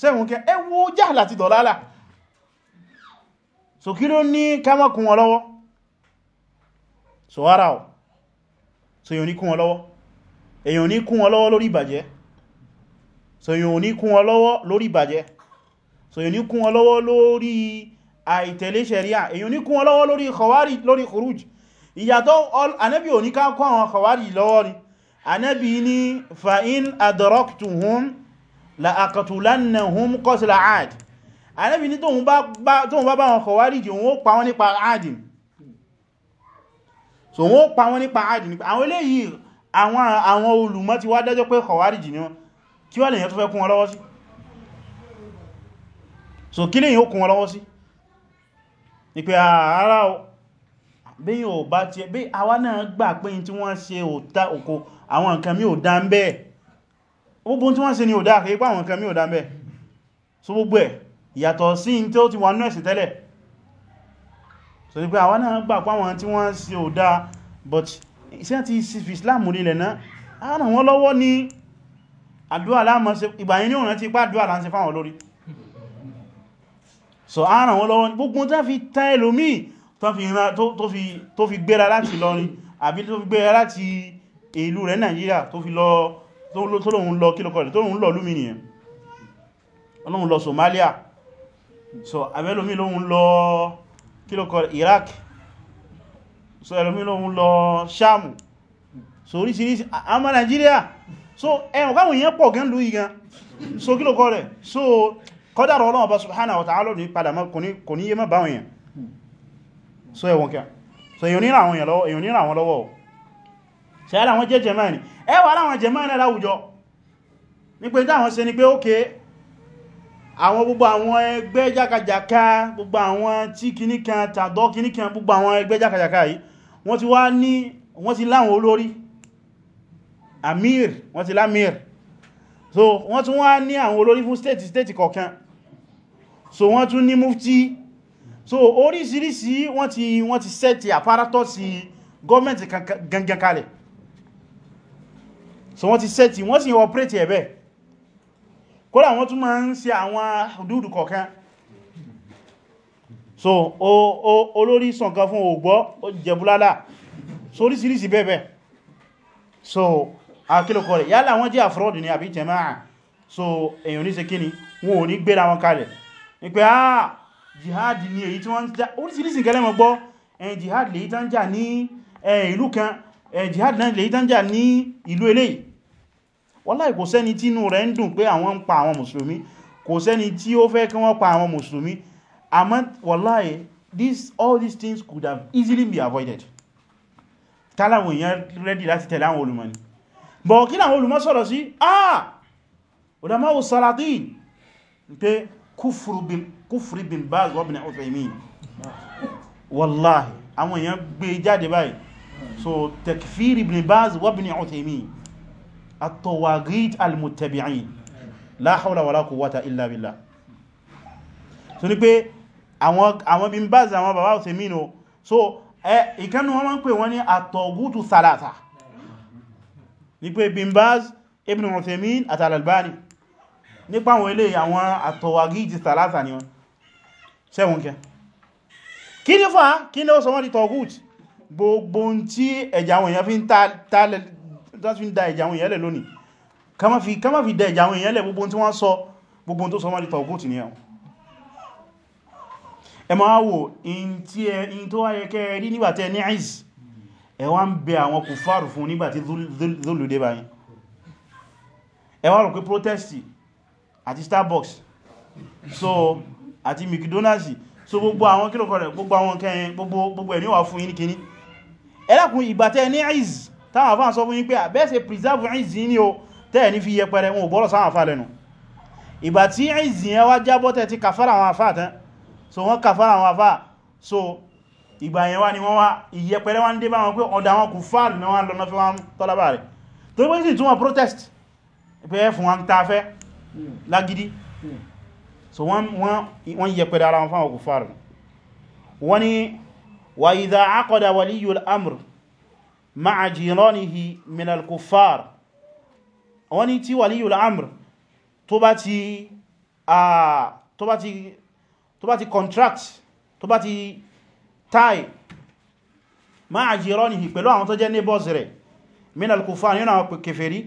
sẹ́wọ̀n kẹ ẹwọ́ jà láti dọ̀lálà so kí ló ní ká mọ́kùn wọn lọ́wọ́ so ara ọ̀ so yíò ní kún wọn lọ́wọ́ èyàn ní kún wọn lọ́wọ́ lórí ìbàjẹ́ so yíò ní kún wọn lọ́wọ́ lórí ìbàjẹ́ so yíò ní kún wọn lọ́wọ́ lórí àìtẹ̀lé ṣẹ̀ríà èyàn ní kún wọn lọ́wọ́ lórí kọwárì lórí khuruj ìyàtọ̀ anẹ́bí ò ní ká kún àwọn kọwárì lọ́wọ́ ni anẹ́bí ní fa'in adraktuhum la aqtulannahum qatla 'ad anẹ́bí ní tóhun bá bá wọn kọwárì jù wọn ó pa wọn nípa 'adim so wọ́n pa wọ́n nípa àádì nípa àwọn eléyìí àwọn àwọn olùmọ̀ ti wá dájọ́ pé kọ̀wárìjì ni wọ́n kí wà lèyàn tó fẹ́ kún wọn lọ́wọ́ sí so kí lèyàn ó kún wọn lọ́wọ́ sí ni pé ara bí yíò bá ti bí àwa náà gbà pé tí wọ́n ṣe òta òkò àwọn nǹkan mí ò dá ń bẹ́ẹ̀ gbogbo tí wọ́n ṣe ni ò dá àkíyípa àwọn nǹkan mí ò dá ń bẹ́ẹ̀ so gbogbo ẹ̀ yàtọ̀ sí tí ó ti wà nú ẹ̀sìn tẹ́lẹ̀ so ní pé àwọn náà gbà pàwọn tí wọ́n sí ò dáa but iṣẹ́ ti fi islam nílẹ̀ náà ara wọn lọ́wọ́ ní àdúwà láàmọ́ sí ìgbàyìn ní ọ̀nà ti pá àdúwà láàmọ́ fáwọn olórí so ara wọn lọ́wọ́ gbogbo tó fi ta ẹlòmí tó fi gbéra láti lọrin àbí tó fi gbéra láti ìlú rẹ̀ nàìjíríà tó fi lọ tó lóun lọ kílọkọ̀lẹ̀ tó lóun lọ lúmìnìyàn ọlọ́run lọ somalia so àbẹ́lòmí lóun lọ kí ló kọ Iraq so ẹlòmí lóhun lọ Ṣáàmù so oríṣiríṣi àmà Nàìjíríà so ẹ̀wọ̀n káwọn èèyàn pọ̀ gẹ́ lú igan so kí ló kọ rẹ̀ so kọ́dàrọ̀ Ọlọ́run Ọba subhanahu wa ta'ala ní padà kò ní yé mọ́ báwọn èèyàn so ẹ̀wọ̀n kí so èèyàn níra àwọn èèyàn lọ́wọ́ èèyàn níra àwọn lọ́wọ́ ṣe ara wọn jẹ́ jẹ́mọ́ ẹni ẹwà ara wọn jẹ́mọ́ ẹni láwùjọ ní pé dáwọn ṣe ni pé ókè àwọn gbogbo àwọn ẹgbẹ́ jákàjàká gbogbo àwọn tí kìníkan tàdọ́ kìníkan gbogbo àwọn ẹgbẹ́ jákàjàká yìí wọ́n ti wá ní wọ́n ti láwọn olórí amir wọ́n ti lámir so wọ́n tún wá ní àwọn olórí fún state state kọ̀ọ̀kan so wọ́n tún ní mufti so oríṣiríṣi wọ́n ti wọ́n ti sẹ́tì àpáratọ́sì gọ́ọ̀mẹ̀ntì gangan kalẹ̀ so wọ́n ti sẹ́tì wọ́n sì operate ẹ̀bẹ̀ kódà wọ́n tún máa ń ṣe àwọn hududu kọ̀ọ̀kan so olórí sọ̀kan fún ògbọ́ jẹbúlálà so orísìírísìí bẹ́ẹ̀bẹ́ so akílòkọ̀ rẹ̀ yálà wọ́n jẹ́ àfúrọ́dù ní àbí jẹmáà so èyàn ní ṣe kíni wọn ò ní gbéra wọn kalẹ̀ ní pé ah jihad ni èyí tí wọ́n ń jà orísìírísìí gẹ́lẹ́mọ̀ gbọ́ ẹ̀yìn jihad lèyí tán jà ní ìlú kan jihad náà lèyí tán jà ní ìlú eléyìí wọ́láì kò sẹ́ni tí inú rẹ̀ ń dùn pé àwọn ń pa àwọn mùsùlùmí kò sẹ́ni tí ó fẹ́ kí wọ́n pa àwọn mùsùlùmí àmọ́ wọ́láì this all these things could have easily be avoided tálàwò èèyàn rẹ́dì láti tẹ̀lé àwọn olùmọ̀ ni bọ̀ kí láwọn olùmọ̀ sọ̀rọ̀ sí ah ulamawu salatin pé kúfùrí bin baz wọ́n bin Uthaymin wallahi àwọn èèyàn gbé jáde báyìí so takfiri bin baz wọ́n bin Uthaymin at-tawaghit al-muttabi'in la hawla wala quwwata so ni pé àwọn bí n bá zàwọn bàbá ọ̀sẹ̀ mínú so ìkánu wọn máa ń pè wọ́n ní àtọ̀gútù sàlátà ní pé bin baz ibn Uthaymin àti al-Albani nípa àwọn ilé àwọn àtọ̀wàgíjì sàlátà ni wọ́n sẹ́wọ̀n kẹ that's been da ìjà àwọn èèyàn lẹ̀ lónìí kama fi kama fi da ìjà àwọn èèyàn lẹ̀ gbogbo tí wọ́n sọ gbogbo tó sọ mọ́lítà òkú tì ní ẹ̀wọ̀n ẹ máa e in tó wáyé ni rí nígbàtẹ́ ní àìs ẹ wá ń bẹ àwọn kùfàrù fún nígbàtí zolùdé báyìí ẹ wá rò pé protesti àti starbucks so àti mcdonald's so gbogbo àwọn kílòkọ̀ rẹ̀ gbogbo àwọn kẹyìn gbogbo ẹ̀ ní wà fún yín ní ẹlẹ́kùn ìgbàtẹ́ ní àìs táwọn àfáà sọ fún yín pé àbẹ́sẹ̀ ah, preserve ìzì ní o tẹ́ẹ̀ ní fi yẹpẹrẹ wọn ò bọ́rọ̀ sáwọn àfáà lẹ́nu ìgbà tí ìzì yẹn wá jábọ́ tẹ́ ti kàfàrà àwọn àfáà tán so wọ́n kàfàrà àwọn àfáà so ìgbà yẹn wá ni wọ́n wá ìyẹpẹrẹ wá ń dé bá wọn pé ọ̀dà wọn kù fáàlù ní wọ́n lọ́nà fi wọ́n tọ́lábà rẹ̀ tó ma'a jiranihi min al-kuffar wọ́n ní tí waliyul amr tó bá ti contract tó bá ti tie ma'a jiranihi pẹ̀lú àwọn tó jẹ́ neighbors rẹ̀ min al-kuffar nínú àwọn kèfèrí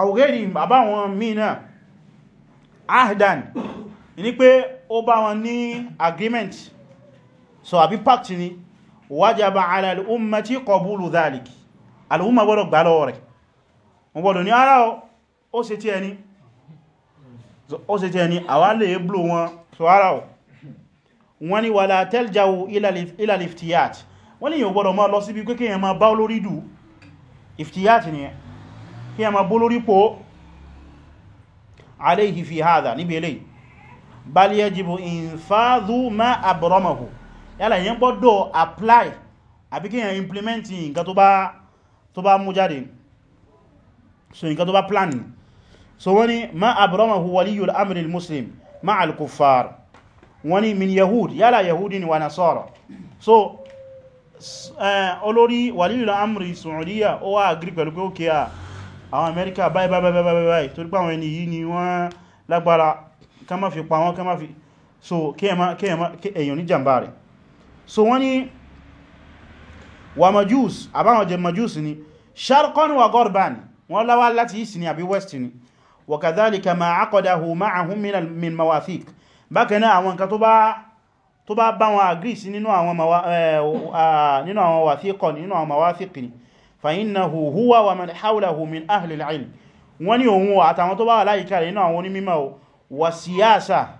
àwòrẹ́rì àbáwọn mìíràn ahdan ní pé ó bá wọn ní agreement so àbí pact ni wájába ala al'ummati qabulu dhaliki al'umma gbọ́dọ̀ gbà lọ́wọ́ rẹ̀ wọ́n gbọ́dọ̀ ní ara ó ṣe tí ẹni ó ṣe tí ẹni àwá lè blò wọn tó ara ọ̀ wọ́n ni wala taljawu ila liftiyat wọ́n ni yóò gbọ́dọ̀ máa lọ síbi pé kíyàn máa bá olórí dù yálà èyàn gbọ́dọ̀ apply àbí kí èyàn implement nǹkan tó bá tó bá mú jáde so nǹkan tó bá plan so wani ma abramahu waliyul amril muslim ma al wani min yahud yálà yahudi ni wa nasara so eh, olórí waliyul amri saudiya ó wá agree pẹ̀lú pé ókè àwọn america báyìí báyìí báyìí báyìí torí pàwọn ẹni yìí ni wọ́n lágbára so kí èyàn ní jàmbá rẹ̀ so wọ́n ni wà majus àbáwọn jẹ majus ni sharqan wa gorban wọ́n láwá láti east ni àbí west ni wa kadhalika ma aqadahu ma'ahum min mawathiq bákan àwọn nǹkan tó bá bá wọn agree nínú àwọn wathiqo nínú àwọn mawathiq ni fa innahu huwa wa man hawlahu min ahli wọ́n ni òun àtàwọn tó bá wà láyìíká nínú àwọn onímímọ̀ wa siyasa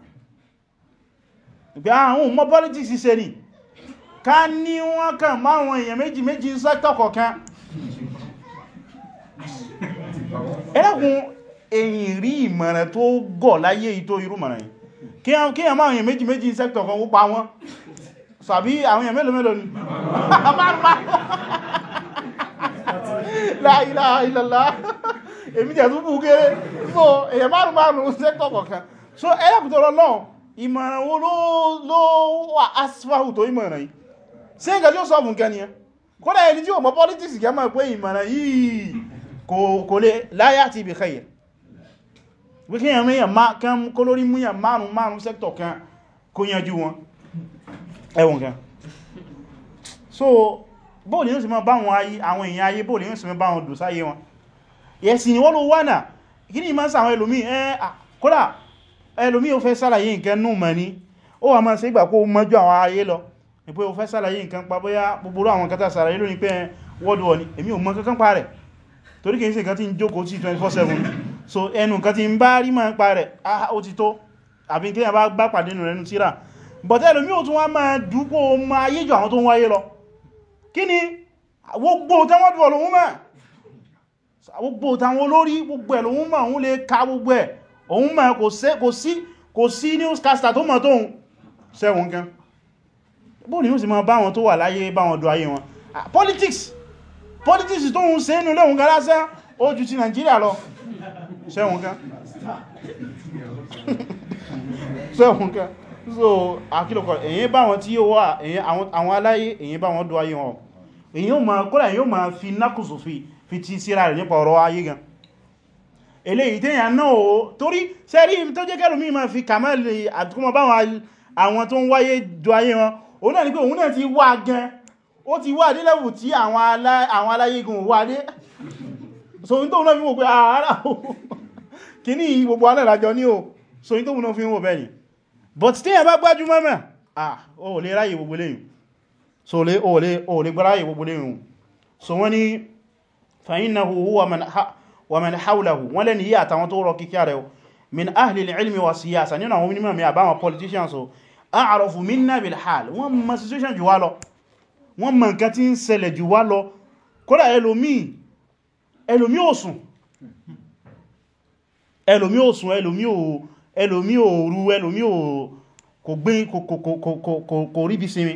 gbé àwọn ah, mọ́ politics ṣe ni ká ní wọ́n kàn máwọn èèyàn méjì méjì ń sẹ́kọ̀ kọ̀ọ̀kan ẹlẹ́kùn èyìn rí ìmọ̀ràn tó gọ̀ láyé ìtó irú mọ̀ràn yìí kí àwọn èèyàn méjì méjì ń sẹ́kọ̀ kan ó pa wọ́n sàbí àwọn èèyàn mélòó la ilaha illallah èmi jẹ̀ tó bú kéré so èèyàn márùn-ún sẹ́kọ̀ so ẹlẹ́kùn tó lọ náà ìmọ̀ràn wo ló wà asfaw tó ìmọ̀ràn yìí ṣe ìgbà tí ó sọ́bùn kẹ́ nìyàn kódà ẹni tí ó mọ̀ politics kẹ́ mọ̀ pé ìmọ̀ràn yìí kò lè láyá ti ibì kẹyẹ̀ wíkíyàn mẹ́yàn má kán kó lórí múyàn márùn so bóòlì yóò sì mọ́ bá wọn ayé àwọn èèyàn ayé bóòlì yóò sì mọ́ bá wọn dùn sáyé wọn ẹlòmí ẹ́ kódà ẹlòmí ó fẹ́ ṣàlàyé nǹkan nù mọ̀ ní ó wà máa ṣe ìgbà kó mọ́jú àwọn ayé lọ pé ó fẹ́ ṣàlàyé nǹkan pa bóyá gbogbo àwọn kátà ṣàlàyé lónìí pé wọ́dù wọ̀ ní èmi ò mọ̀ kankan pa rẹ̀ torí kìí ṣe nǹkan tí ń jókòó sí 24/7 so ẹnu nǹkan tí ń bá rí máa pa rẹ̀ ah ó ti tó àbí tí yàn bá pàdé nù rẹnu tíra but ẹlòmí ò tún wá máa dúpọ̀ ma ayé jù àwọn tó ń wáyé lọ kí ni gbogbo tẹ́wọ́dù ọ̀lọ́hún mẹ́ gbogbo tàwọn olórí gbogbo ẹ̀lòhún mọ̀ òun lè ka gbogbo ẹ̀ òun ma kò sí kò sí newscaster tó mọ̀ tó ń sẹ́wọ̀n gan bó ni ó sì mọ́ bá wọn tó wà láyé bá wọn do ayé wọn politics politics tó ń ṣe inú lóhun gan lásán ó ju ti Nigeria lọ sẹ́wọ̀n gan sẹ́wọ̀n *laughs* gan so àkílòkọ̀ èyí bá wọn tí ó wà àwọn aláyé èyí bá wọn do ayé wọn èyí ó ma kọ́lá èyí ó ma fi nákùsù fi ti síra rẹ̀ nípa ọ̀rọ̀ ayé gan eléyìí téèyàn náà o torí sẹ́rí tó jẹ́ kẹ́lùmí ma fi kàmẹ́lì àtúkùnmọ̀ báwọn àwọn tó ń wáyé jọ ayé wọn òun náà ni pé òun náà ti wá gan ó ti wá dé lẹ́wù tí àwọn aláyégun wá dé so n tó náà fi wò pé ààrà ah, o *laughs* kì ní gbogbo alẹ́rajọ ní o so n tó náà fi wò bẹ́ẹ̀ ni but téèyàn bá gbájú mọ́mọ́ ah o lè ráyè gbogbo lẹ́yìn so o lè gbáráyè gbogbo lẹ́yìn so wọ́n wa man hawlahu wọ́n lẹ́ni yí àtàwọn tó rọ kíkẹ́ rẹ̀ min ahli ilmi wa siyasa nínú àwọn onímọ̀ mi àbáwọn politicians o a'rafu minna bil hal wọ́n mọ̀ situation jù wá lọ wọ́n mọ̀ nǹkan tí ń ṣẹlẹ̀ jù wá lọ kódà ẹlòmíì ẹlòmíì ò sùn ẹlòmíì ò sùn ò kò gbé kò rí bí sinmi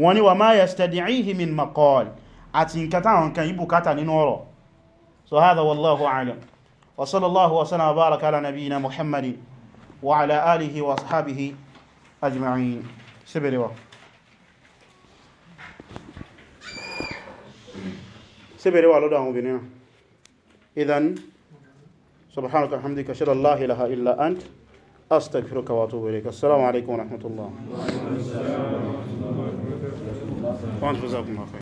wọ́n ni wa ma yastadi'ihi min maqal àti nǹkan táwọn nǹkan yìí nínú ọ̀rọ̀ So هذا والله أعلم وصلى الله وسلم وبارك على نبينا محمد وعلى آله وأصحابه أجمعين سبروا سبروا لدى مبيننا إذن سبحانك وحمدك أشهد أن لا إله إلا أنت أستغفرك وأتوب إليك السلام عليكم ورحمة الله وأنتم جزاكم الله خير